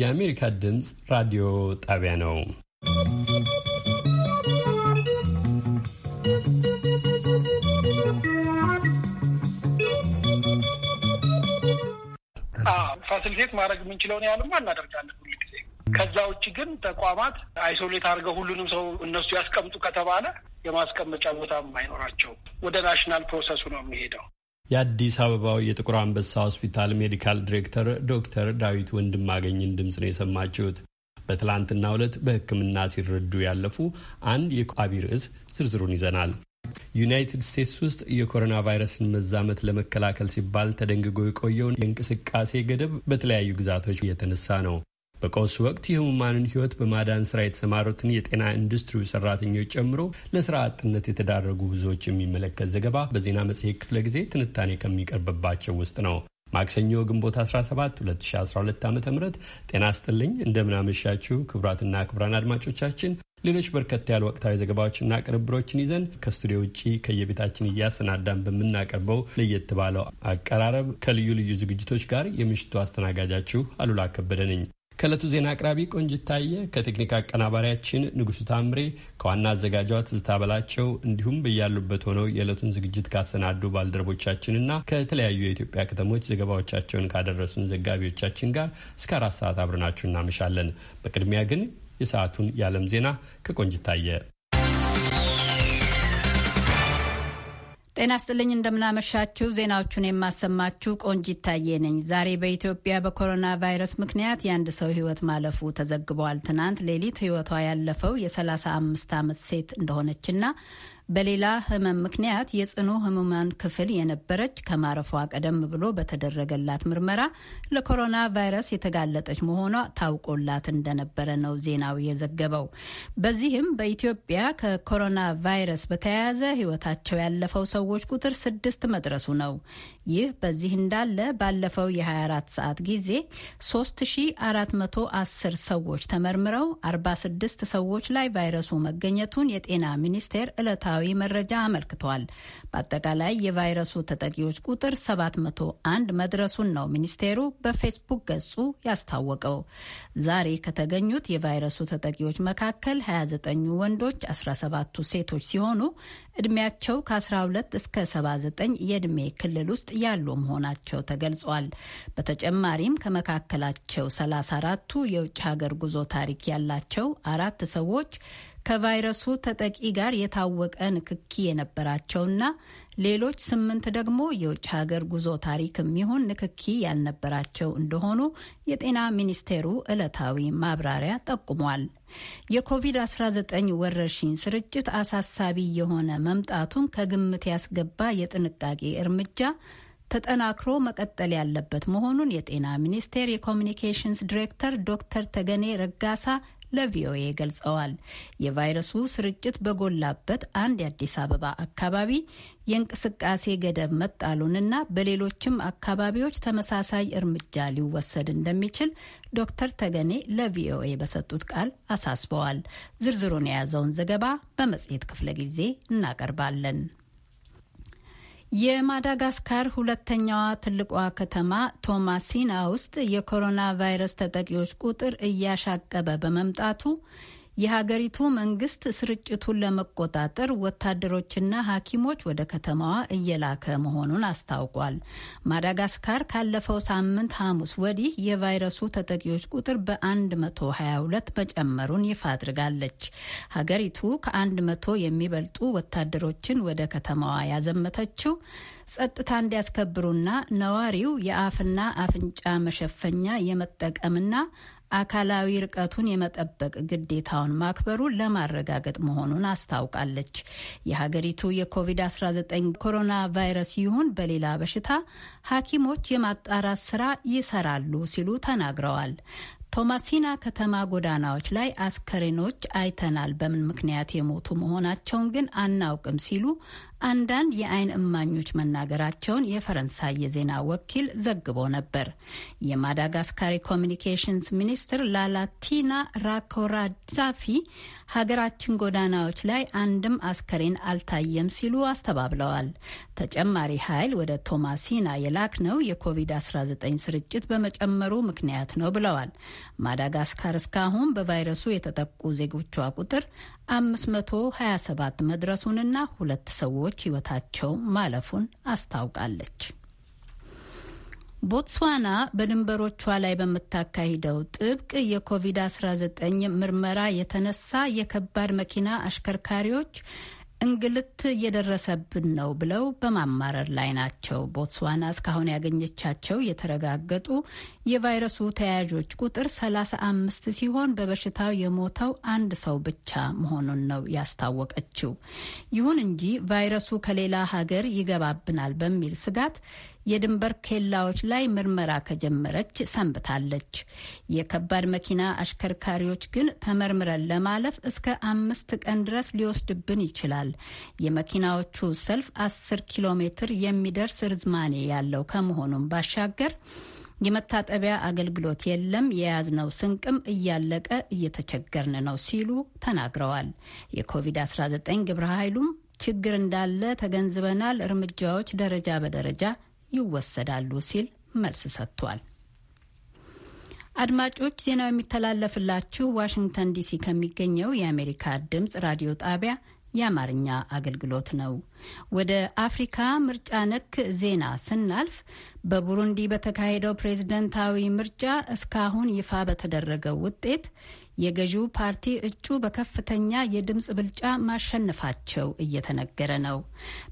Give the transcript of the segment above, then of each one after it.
የአሜሪካ ድምፅ ራዲዮ ጣቢያ ነው። ፋሲሊቴት ማድረግ የምንችለውን ያህልማ እናደርጋለን ሁሉ ጊዜ። ከዛ ውጭ ግን ተቋማት አይሶሌት አድርገው ሁሉንም ሰው እነሱ ያስቀምጡ ከተባለ የማስቀመጫ ቦታም አይኖራቸውም። ወደ ናሽናል ፕሮሰሱ ነው የሚሄደው። የአዲስ አበባው የጥቁር አንበሳ ሆስፒታል ሜዲካል ዲሬክተር ዶክተር ዳዊት ወንድማገኝን ድምፅ ነው የሰማችሁት። በትላንትና ዕለት በሕክምና ሲረዱ ያለፉ አንድ የቋቢ ርዕስ ዝርዝሩን ይዘናል። ዩናይትድ ስቴትስ ውስጥ የኮሮና ቫይረስን መዛመት ለመከላከል ሲባል ተደንግጎ የቆየውን የእንቅስቃሴ ገደብ በተለያዩ ግዛቶች እየተነሳ ነው። በቀውስ ወቅት የህሙማንን ህይወት በማዳን ስራ የተሰማሩትን የጤና ኢንዱስትሪ ሰራተኞች ጨምሮ ለስራ አጥነት የተዳረጉ ብዙዎች የሚመለከት ዘገባ በዜና መጽሔት ክፍለ ጊዜ ትንታኔ ከሚቀርብባቸው ውስጥ ነው። ማክሰኞ ግንቦት 17 2012 ዓ ም ጤና ስጥልኝ። እንደምናመሻችሁ ክቡራትና ክቡራን አድማጮቻችን ሌሎች በርከት ያሉ ወቅታዊ ዘገባዎችና ቅንብሮችን ይዘን ከስቱዲዮ ውጭ ከየቤታችን እያሰናዳን በምናቀርበው ለየት ባለው አቀራረብ ከልዩ ልዩ ዝግጅቶች ጋር የምሽቱ አስተናጋጃችሁ አሉላ ከበደ ነኝ። ከእለቱ ዜና አቅራቢ ቆንጅ ታየ፣ ከቴክኒክ አቀናባሪያችን ንጉሱ ታምሬ፣ ከዋና አዘጋጇ ትዝታ በላቸው እንዲሁም በያሉበት ሆነው የዕለቱን ዝግጅት ካሰናዱ ባልደረቦቻችንና ከተለያዩ የኢትዮጵያ ከተሞች ዘገባዎቻቸውን ካደረሱን ዘጋቢዎቻችን ጋር እስከ አራት ሰዓት አብረናችሁ እናመሻለን። በቅድሚያ ግን የሰዓቱን የዓለም ዜና ከቆንጅ ታየ ጤና ስጥልኝ እንደምናመሻችሁ። ዜናዎቹን የማሰማችሁ ቆንጅ ይታየ ነኝ። ዛሬ በኢትዮጵያ በኮሮና ቫይረስ ምክንያት የአንድ ሰው ሕይወት ማለፉ ተዘግቧል። ትናንት ሌሊት ሕይወቷ ያለፈው የ35 ዓመት ሴት እንደሆነችና በሌላ ህመም ምክንያት የጽኑ ህሙማን ክፍል የነበረች ከማረፏ ቀደም ብሎ በተደረገላት ምርመራ ለኮሮና ቫይረስ የተጋለጠች መሆኗ ታውቆላት እንደነበረ ነው ዜናው የዘገበው። በዚህም በኢትዮጵያ ከኮሮና ቫይረስ በተያያዘ ህይወታቸው ያለፈው ሰዎች ቁጥር ስድስት መድረሱ ነው። ይህ በዚህ እንዳለ ባለፈው የ24 ሰዓት ጊዜ 3410 ሰዎች ተመርምረው 46 ሰዎች ላይ ቫይረሱ መገኘቱን የጤና ሚኒስቴር ዕለታ ይፋዊ መረጃ አመልክቷል። በአጠቃላይ የቫይረሱ ተጠቂዎች ቁጥር 701 መድረሱን ነው ሚኒስቴሩ በፌስቡክ ገጹ ያስታወቀው። ዛሬ ከተገኙት የቫይረሱ ተጠቂዎች መካከል 29ኙ ወንዶች፣ 17ቱ ሴቶች ሲሆኑ እድሜያቸው ከ12 እስከ 79 የእድሜ ክልል ውስጥ ያሉ መሆናቸው ተገልጿል። በተጨማሪም ከመካከላቸው 34ቱ የውጭ ሀገር ጉዞ ታሪክ ያላቸው አራት ሰዎች ከቫይረሱ ተጠቂ ጋር የታወቀ ንክኪ የነበራቸውና ሌሎች ስምንት ደግሞ የውጭ ሀገር ጉዞ ታሪክ የሚሆን ንክኪ ያልነበራቸው እንደሆኑ የጤና ሚኒስቴሩ ዕለታዊ ማብራሪያ ጠቁሟል። የኮቪድ-19 ወረርሽኝ ስርጭት አሳሳቢ የሆነ መምጣቱን ከግምት ያስገባ የጥንቃቄ እርምጃ ተጠናክሮ መቀጠል ያለበት መሆኑን የጤና ሚኒስቴር የኮሚኒኬሽንስ ዲሬክተር ዶክተር ተገኔ ረጋሳ ለቪኦኤ ገልጸዋል። የቫይረሱ ስርጭት በጎላበት አንድ የአዲስ አበባ አካባቢ የእንቅስቃሴ ገደብ መጣሉንና በሌሎችም አካባቢዎች ተመሳሳይ እርምጃ ሊወሰድ እንደሚችል ዶክተር ተገኔ ለቪኦኤ በሰጡት ቃል አሳስበዋል። ዝርዝሩን የያዘውን ዘገባ በመጽሔት ክፍለ ጊዜ እናቀርባለን። የማዳጋስካር ሁለተኛዋ ትልቋ ከተማ ቶማሲና ውስጥ የኮሮና ቫይረስ ተጠቂዎች ቁጥር እያሻቀበ በመምጣቱ የሀገሪቱ መንግስት ስርጭቱን ለመቆጣጠር ወታደሮችና ሐኪሞች ወደ ከተማዋ እየላከ መሆኑን አስታውቋል። ማዳጋስካር ካለፈው ሳምንት ሐሙስ ወዲህ የቫይረሱ ተጠቂዎች ቁጥር በ122 መጨመሩን ይፋ አድርጋለች። ሀገሪቱ ከ100 የሚበልጡ ወታደሮችን ወደ ከተማዋ ያዘመተችው ጸጥታ እንዲያስከብሩና ነዋሪው የአፍና አፍንጫ መሸፈኛ የመጠቀምና አካላዊ ርቀቱን የመጠበቅ ግዴታውን ማክበሩን ለማረጋገጥ መሆኑን አስታውቃለች። የሀገሪቱ የኮቪድ-19 ኮሮና ቫይረስ ይሁን በሌላ በሽታ ሐኪሞች የማጣራት ስራ ይሰራሉ ሲሉ ተናግረዋል። ቶማሲና ከተማ ጎዳናዎች ላይ አስከሬኖች አይተናል፣ በምን ምክንያት የሞቱ መሆናቸውን ግን አናውቅም ሲሉ አንዳንድ የአይን እማኞች መናገራቸውን የፈረንሳይ የዜና ወኪል ዘግቦ ነበር። የማዳጋስካሪ ኮሚኒኬሽንስ ሚኒስትር ላላቲና ራኮራዛፊ ሀገራችን ጎዳናዎች ላይ አንድም አስከሬን አልታየም ሲሉ አስተባብለዋል። ተጨማሪ ኃይል ወደ ቶማሲና የላክ ነው የኮቪድ-19 ስርጭት በመጨመሩ ምክንያት ነው ብለዋል። ማዳጋስካር እስካሁን በቫይረሱ የተጠቁ ዜጎቿ ቁጥር 527 መድረሱንና ሁለት ሰዎች ሕይወታቸው ማለፉን አስታውቃለች። ቦትስዋና በድንበሮቿ ላይ በምታካሂደው ጥብቅ የኮቪድ-19 ምርመራ የተነሳ የከባድ መኪና አሽከርካሪዎች እንግልት እየደረሰብን ነው ብለው በማማረር ላይ ናቸው። ቦትስዋና እስካሁን ያገኘቻቸው የተረጋገጡ የቫይረሱ ተያያዦች ቁጥር 35 ሲሆን በበሽታው የሞተው አንድ ሰው ብቻ መሆኑን ነው ያስታወቀችው። ይሁን እንጂ ቫይረሱ ከሌላ ሀገር ይገባብናል በሚል ስጋት የድንበር ኬላዎች ላይ ምርመራ ከጀመረች ሰንብታለች። የከባድ መኪና አሽከርካሪዎች ግን ተመርምረን ለማለፍ እስከ አምስት ቀን ድረስ ሊወስድብን ይችላል። የመኪናዎቹ ሰልፍ አስር ኪሎ ሜትር የሚደርስ ርዝማኔ ያለው ከመሆኑም ባሻገር የመታጠቢያ አገልግሎት የለም። የያዝነው ስንቅም እያለቀ እየተቸገርን ነው ሲሉ ተናግረዋል። የኮቪድ-19 ግብረ ኃይሉም ችግር እንዳለ ተገንዝበናል፣ እርምጃዎች ደረጃ በደረጃ ይወሰዳሉ ሲል መልስ ሰጥቷል። አድማጮች ዜናው የሚተላለፍላችሁ ዋሽንግተን ዲሲ ከሚገኘው የአሜሪካ ድምፅ ራዲዮ ጣቢያ የአማርኛ አገልግሎት ነው። ወደ አፍሪካ ምርጫ ነክ ዜና ስናልፍ በቡሩንዲ በተካሄደው ፕሬዝደንታዊ ምርጫ እስካሁን ይፋ በተደረገው ውጤት የገዢው ፓርቲ እጩ በከፍተኛ የድምፅ ብልጫ ማሸነፋቸው እየተነገረ ነው።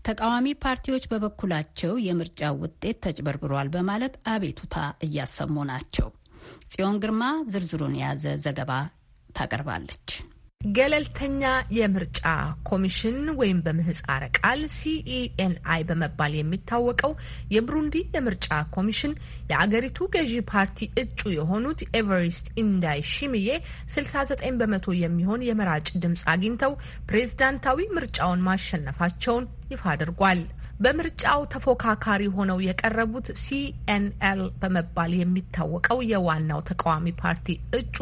ተቃዋሚ ፓርቲዎች በበኩላቸው የምርጫው ውጤት ተጭበርብሯል በማለት አቤቱታ እያሰሙ ናቸው። ጽዮን ግርማ ዝርዝሩን የያዘ ዘገባ ታቀርባለች። ገለልተኛ የምርጫ ኮሚሽን ወይም በምህጻረ ቃል ሲኢኤንአይ e በመባል የሚታወቀው የብሩንዲ የምርጫ ኮሚሽን የአገሪቱ ገዢ ፓርቲ እጩ የሆኑት ኤቨሪስት ኢንዳይ ሺምዬ 69 በመቶ የሚሆን የመራጭ ድምፅ አግኝተው ፕሬዝዳንታዊ ምርጫውን ማሸነፋቸውን ይፋ አድርጓል። በምርጫው ተፎካካሪ ሆነው የቀረቡት ሲኤንኤል በመባል የሚታወቀው የዋናው ተቃዋሚ ፓርቲ እጩ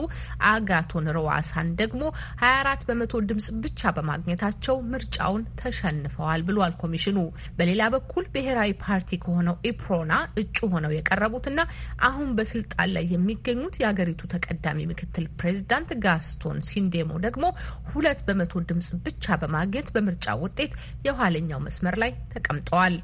አጋቶን ረዋሳን ደግሞ 24 በመቶ ድምጽ ብቻ በማግኘታቸው ምርጫውን ተሸንፈዋል ብሏል ኮሚሽኑ። በሌላ በኩል ብሔራዊ ፓርቲ ከሆነው ኢፕሮና እጩ ሆነው የቀረቡትና አሁን በስልጣን ላይ የሚገኙት የአገሪቱ ተቀዳሚ ምክትል ፕሬዚዳንት ጋስቶን ሲንዴሞ ደግሞ ሁለት በመቶ ድምጽ ብቻ በማግኘት በምርጫው ውጤት የኋለኛው መስመር ላይ ተቀምጠዋል። ተገልጠዋል።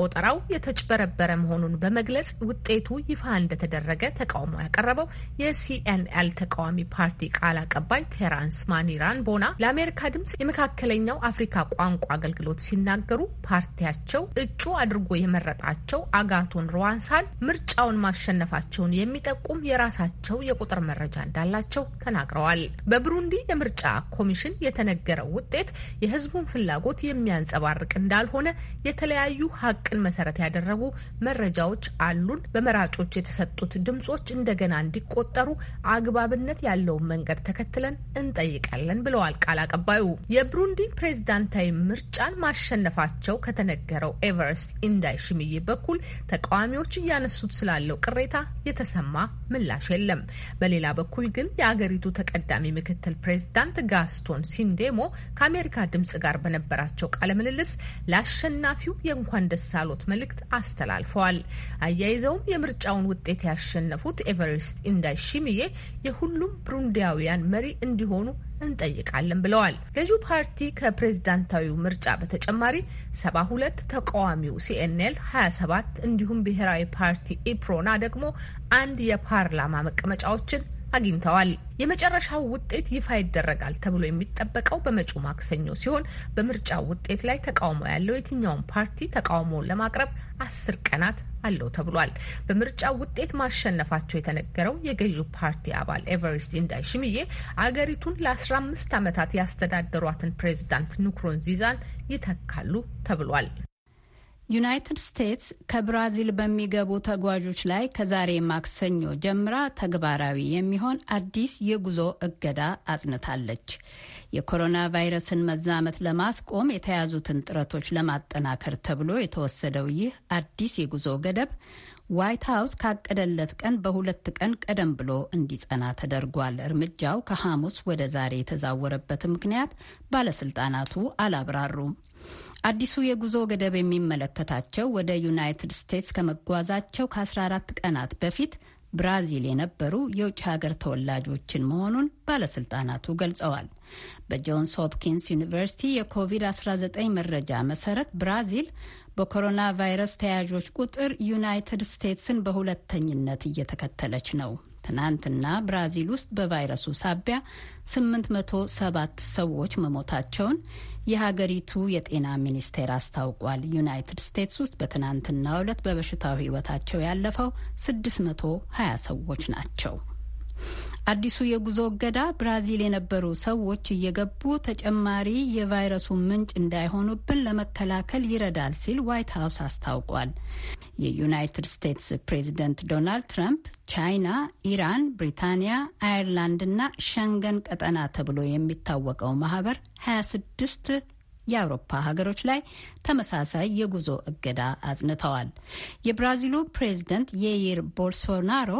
ቆጠራው የተጭበረበረ መሆኑን በመግለጽ ውጤቱ ይፋ እንደተደረገ ተቃውሞ ያቀረበው የሲኤንኤል ተቃዋሚ ፓርቲ ቃል አቀባይ ቴራንስ ማኒራን ቦና ለአሜሪካ ድምጽ የመካከለኛው አፍሪካ ቋንቋ አገልግሎት ሲናገሩ ፓርቲያቸው እጩ አድርጎ የመረጣቸው አጋቶን ሩዋንሳን ምርጫውን ማሸነፋቸውን የሚጠቁም የራሳቸው የቁጥር መረጃ እንዳላቸው ተናግረዋል። በብሩንዲ የምርጫ ኮሚሽን የተነገረው ውጤት የሕዝቡን ፍላጎት የሚያንጸባርቅ እንዳልሆነ የተለያዩ ሀቅ ቅን መሰረት ያደረጉ መረጃዎች አሉን። በመራጮች የተሰጡት ድምጾች እንደገና እንዲቆጠሩ አግባብነት ያለውን መንገድ ተከትለን እንጠይቃለን ብለዋል ቃል አቀባዩ። የብሩንዲ ፕሬዝዳንታዊ ምርጫን ማሸነፋቸው ከተነገረው ኤቨረስት እንዳይሽምዬ በኩል ተቃዋሚዎች እያነሱት ስላለው ቅሬታ የተሰማ ምላሽ የለም። በሌላ በኩል ግን የአገሪቱ ተቀዳሚ ምክትል ፕሬዝዳንት ጋስቶን ሲንዴሞ ከአሜሪካ ድምጽ ጋር በነበራቸው ቃለ ምልልስ ለአሸናፊው የእንኳን ደስ ሳሎት መልእክት አስተላልፈዋል። አያይዘውም የምርጫውን ውጤት ያሸነፉት ኤቨሬስት እንዳይሽምዬ የሁሉም ብሩንዲያውያን መሪ እንዲሆኑ እንጠይቃለን ብለዋል። ገዢው ፓርቲ ከፕሬዝዳንታዊው ምርጫ በተጨማሪ 72 ተቃዋሚው ሲኤንኤል 27 እንዲሁም ብሔራዊ ፓርቲ ኢፕሮና ደግሞ አንድ የፓርላማ መቀመጫዎችን አግኝተዋል። የመጨረሻው ውጤት ይፋ ይደረጋል ተብሎ የሚጠበቀው በመጪው ማክሰኞ ሲሆን በምርጫ ውጤት ላይ ተቃውሞ ያለው የትኛውን ፓርቲ ተቃውሞ ለማቅረብ አስር ቀናት አለው ተብሏል። በምርጫ ውጤት ማሸነፋቸው የተነገረው የገዢው ፓርቲ አባል ኤቨሪስት እንዳይ ሽምዬ አገሪቱን ለ15 ዓመታት ያስተዳደሯትን ፕሬዚዳንት ንኩሩንዚዛን ይተካሉ ተብሏል። ዩናይትድ ስቴትስ ከብራዚል በሚገቡ ተጓዦች ላይ ከዛሬ ማክሰኞ ጀምራ ተግባራዊ የሚሆን አዲስ የጉዞ እገዳ አጽንታለች። የኮሮና ቫይረስን መዛመት ለማስቆም የተያዙትን ጥረቶች ለማጠናከር ተብሎ የተወሰደው ይህ አዲስ የጉዞ ገደብ ዋይት ሀውስ ካቀደለት ቀን በሁለት ቀን ቀደም ብሎ እንዲጸና ተደርጓል። እርምጃው ከሐሙስ ወደ ዛሬ የተዛወረበት ምክንያት ባለስልጣናቱ አላብራሩም። አዲሱ የጉዞ ገደብ የሚመለከታቸው ወደ ዩናይትድ ስቴትስ ከመጓዛቸው ከ14 ቀናት በፊት ብራዚል የነበሩ የውጭ ሀገር ተወላጆችን መሆኑን ባለስልጣናቱ ገልጸዋል። በጆንስ ሆፕኪንስ ዩኒቨርሲቲ የኮቪድ-19 መረጃ መሰረት ብራዚል በኮሮና ቫይረስ ተያዦች ቁጥር ዩናይትድ ስቴትስን በሁለተኝነት እየተከተለች ነው። ትናንትና ብራዚል ውስጥ በቫይረሱ ሳቢያ 807 ሰዎች መሞታቸውን የሀገሪቱ የጤና ሚኒስቴር አስታውቋል። ዩናይትድ ስቴትስ ውስጥ በትናንትናው ዕለት በበሽታው ህይወታቸው ያለፈው 620 ሰዎች ናቸው። አዲሱ የጉዞ እገዳ ብራዚል የነበሩ ሰዎች እየገቡ ተጨማሪ የቫይረሱ ምንጭ እንዳይሆኑብን ለመከላከል ይረዳል ሲል ዋይት ሀውስ አስታውቋል። የዩናይትድ ስቴትስ ፕሬዝደንት ዶናልድ ትራምፕ ቻይና፣ ኢራን፣ ብሪታንያ፣ አየርላንድና ሸንገን ቀጠና ተብሎ የሚታወቀው ማህበር 26 የአውሮፓ ሀገሮች ላይ ተመሳሳይ የጉዞ እገዳ አጽንተዋል። የብራዚሉ ፕሬዝደንት የይር ቦልሶናሮ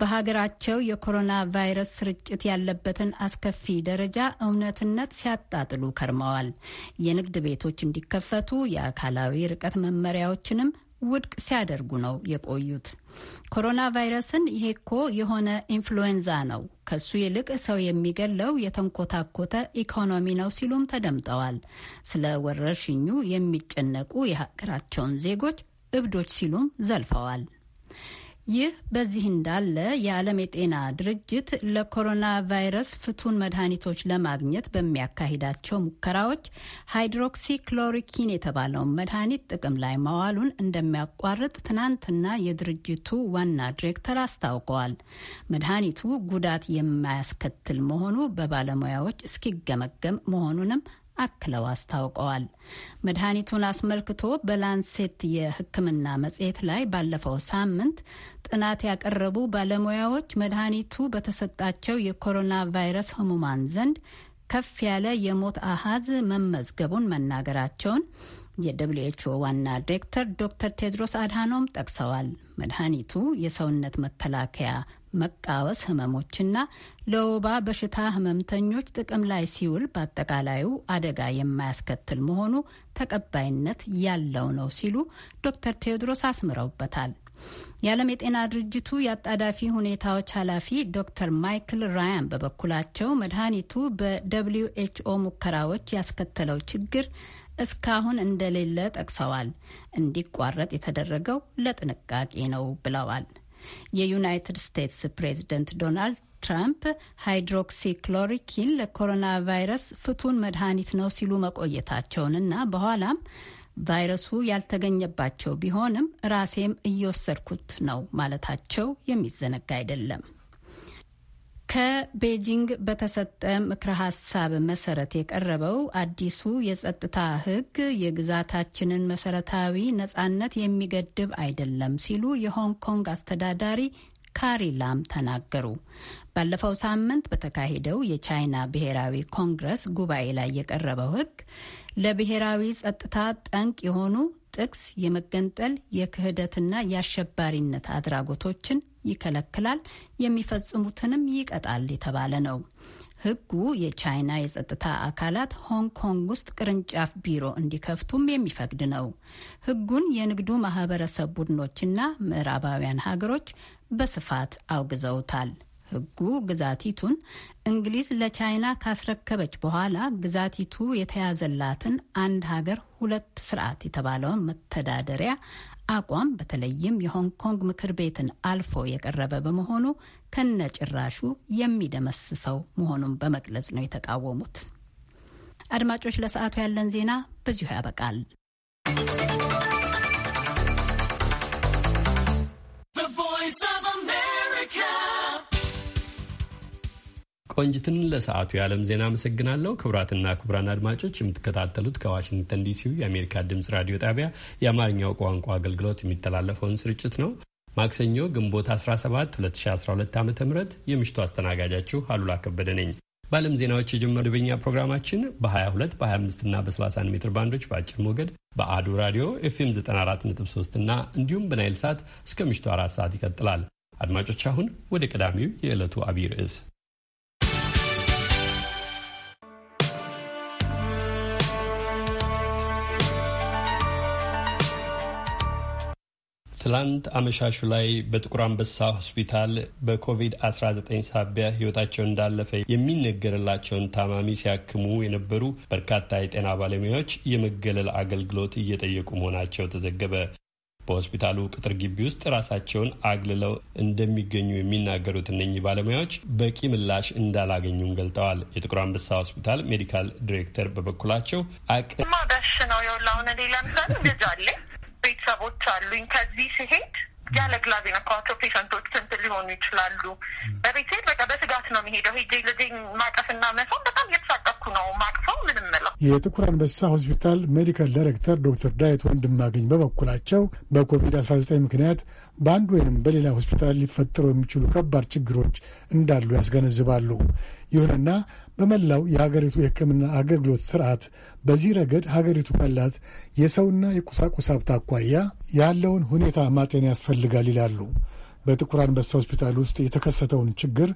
በሀገራቸው የኮሮና ቫይረስ ስርጭት ያለበትን አስከፊ ደረጃ እውነትነት ሲያጣጥሉ ከርመዋል። የንግድ ቤቶች እንዲከፈቱ፣ የአካላዊ ርቀት መመሪያዎችንም ውድቅ ሲያደርጉ ነው የቆዩት። ኮሮና ቫይረስን ይሄ እኮ የሆነ ኢንፍሉዌንዛ ነው፣ ከሱ ይልቅ ሰው የሚገለው የተንኮታኮተ ኢኮኖሚ ነው ሲሉም ተደምጠዋል። ስለ ወረርሽኙ የሚጨነቁ የሀገራቸውን ዜጎች እብዶች ሲሉም ዘልፈዋል። ይህ በዚህ እንዳለ የዓለም የጤና ድርጅት ለኮሮና ቫይረስ ፍቱን መድኃኒቶች ለማግኘት በሚያካሂዳቸው ሙከራዎች ሃይድሮክሲ ክሎሪኪን የተባለውን መድኃኒት ጥቅም ላይ ማዋሉን እንደሚያቋርጥ ትናንትና የድርጅቱ ዋና ዲሬክተር አስታውቀዋል። መድኃኒቱ ጉዳት የማያስከትል መሆኑ በባለሙያዎች እስኪገመገም መሆኑንም አክለው አስታውቀዋል። መድኃኒቱን አስመልክቶ በላንሴት የሕክምና መጽሔት ላይ ባለፈው ሳምንት ጥናት ያቀረቡ ባለሙያዎች መድኃኒቱ በተሰጣቸው የኮሮና ቫይረስ ህሙማን ዘንድ ከፍ ያለ የሞት አሃዝ መመዝገቡን መናገራቸውን የደብሊው ዋና ዲሬክተር ዶክተር ቴድሮስ አድሃኖም ጠቅሰዋል። መድኃኒቱ የሰውነት መከላከያ መቃወስ ህመሞችና ለወባ በሽታ ህመምተኞች ጥቅም ላይ ሲውል በአጠቃላዩ አደጋ የማያስከትል መሆኑ ተቀባይነት ያለው ነው ሲሉ ዶክተር ቴዎድሮስ አስምረውበታል። የዓለም የጤና ድርጅቱ የአጣዳፊ ሁኔታዎች ኃላፊ ዶክተር ማይክል ራያን በበኩላቸው መድኃኒቱ በደብሊዩ ኤችኦ ሙከራዎች ያስከተለው ችግር እስካሁን እንደሌለ ጠቅሰዋል። እንዲቋረጥ የተደረገው ለጥንቃቄ ነው ብለዋል። የዩናይትድ ስቴትስ ፕሬዝደንት ዶናልድ ትራምፕ ሃይድሮክሲክሎሪኪን ለኮሮና ቫይረስ ፍቱን መድኃኒት ነው ሲሉ መቆየታቸውንና በኋላም ቫይረሱ ያልተገኘባቸው ቢሆንም ራሴም እየወሰድኩት ነው ማለታቸው የሚዘነጋ አይደለም። ከቤጂንግ በተሰጠ ምክረ ሀሳብ መሰረት የቀረበው አዲሱ የጸጥታ ሕግ የግዛታችንን መሰረታዊ ነጻነት የሚገድብ አይደለም ሲሉ የሆንግ ኮንግ አስተዳዳሪ ካሪ ላም ተናገሩ። ባለፈው ሳምንት በተካሄደው የቻይና ብሔራዊ ኮንግረስ ጉባኤ ላይ የቀረበው ሕግ ለብሔራዊ ጸጥታ ጠንቅ የሆኑ ጥቅስ፣ የመገንጠል፣ የክህደትና የአሸባሪነት አድራጎቶችን ይከለክላል፣ የሚፈጽሙትንም ይቀጣል የተባለ ነው። ህጉ የቻይና የጸጥታ አካላት ሆንግ ኮንግ ውስጥ ቅርንጫፍ ቢሮ እንዲከፍቱም የሚፈቅድ ነው። ህጉን የንግዱ ማህበረሰብ ቡድኖችና ምዕራባውያን ሀገሮች በስፋት አውግዘውታል። ህጉ ግዛቲቱን እንግሊዝ ለቻይና ካስረከበች በኋላ ግዛቲቱ የተያዘላትን አንድ ሀገር ሁለት ስርዓት የተባለውን መተዳደሪያ አቋም በተለይም የሆንግ ኮንግ ምክር ቤትን አልፎ የቀረበ በመሆኑ ከነጭራሹ የሚደመስሰው መሆኑን በመግለጽ ነው የተቃወሙት። አድማጮች፣ ለሰዓቱ ያለን ዜና በዚሁ ያበቃል። ቆንጅትን ለሰዓቱ የዓለም ዜና አመሰግናለሁ። ክቡራትና ክቡራን አድማጮች የምትከታተሉት ከዋሽንግተን ዲሲው የአሜሪካ ድምጽ ራዲዮ ጣቢያ የአማርኛው ቋንቋ አገልግሎት የሚተላለፈውን ስርጭት ነው። ማክሰኞ ግንቦት 17 2012 ዓ ም የምሽቱ አስተናጋጃችሁ አሉላ ከበደ ነኝ። በዓለም ዜናዎች የጀመረው መደበኛ ፕሮግራማችን በ22 በ25 እና በ31 ሜትር ባንዶች በአጭር ሞገድ በአዱ ራዲዮ ኤፍኤም 94.3 እና እንዲሁም በናይል ሰዓት እስከ ምሽቱ አራት ሰዓት ይቀጥላል። አድማጮች አሁን ወደ ቀዳሚው የዕለቱ አብይ ርዕስ ትላንት አመሻሹ ላይ በጥቁር አንበሳ ሆስፒታል በኮቪድ-19 ሳቢያ ሕይወታቸው እንዳለፈ የሚነገርላቸውን ታማሚ ሲያክሙ የነበሩ በርካታ የጤና ባለሙያዎች የመገለል አገልግሎት እየጠየቁ መሆናቸው ተዘገበ። በሆስፒታሉ ቅጥር ግቢ ውስጥ ራሳቸውን አግልለው እንደሚገኙ የሚናገሩት እነኚህ ባለሙያዎች በቂ ምላሽ እንዳላገኙም ገልጠዋል። የጥቁር አንበሳ ሆስፒታል ሜዲካል ዲሬክተር በበኩላቸው አቅ ነው የሁላ ሌላ ምሳሌ ገዛ አለ ቤተሰቦች አሉኝ። ከዚህ ሲሄድ ያለ ግላዝ የነካኋቸው ፔሸንቶች ስንት ሊሆኑ ይችላሉ። በቤት በቃ በስጋት ነው የሚሄደው። ሄጄ ልጄን ማቀፍና መሳም በጣም እየተሳቀኩ ነው ማቅፈው ምንም ምለው። የጥቁር አንበሳ ሆስፒታል ሜዲካል ዳይሬክተር ዶክተር ዳዊት ወንድማገኝ በበኩላቸው በኮቪድ አስራ ዘጠኝ ምክንያት በአንድ ወይንም በሌላ ሆስፒታል ሊፈጠሩ የሚችሉ ከባድ ችግሮች እንዳሉ ያስገነዝባሉ። ይሁንና በመላው የሀገሪቱ የሕክምና አገልግሎት ስርዓት በዚህ ረገድ ሀገሪቱ ካላት የሰውና የቁሳቁስ ሀብት አኳያ ያለውን ሁኔታ ማጤን ያስፈልጋል ይላሉ። በጥቁር አንበሳ ሆስፒታል ውስጥ የተከሰተውን ችግር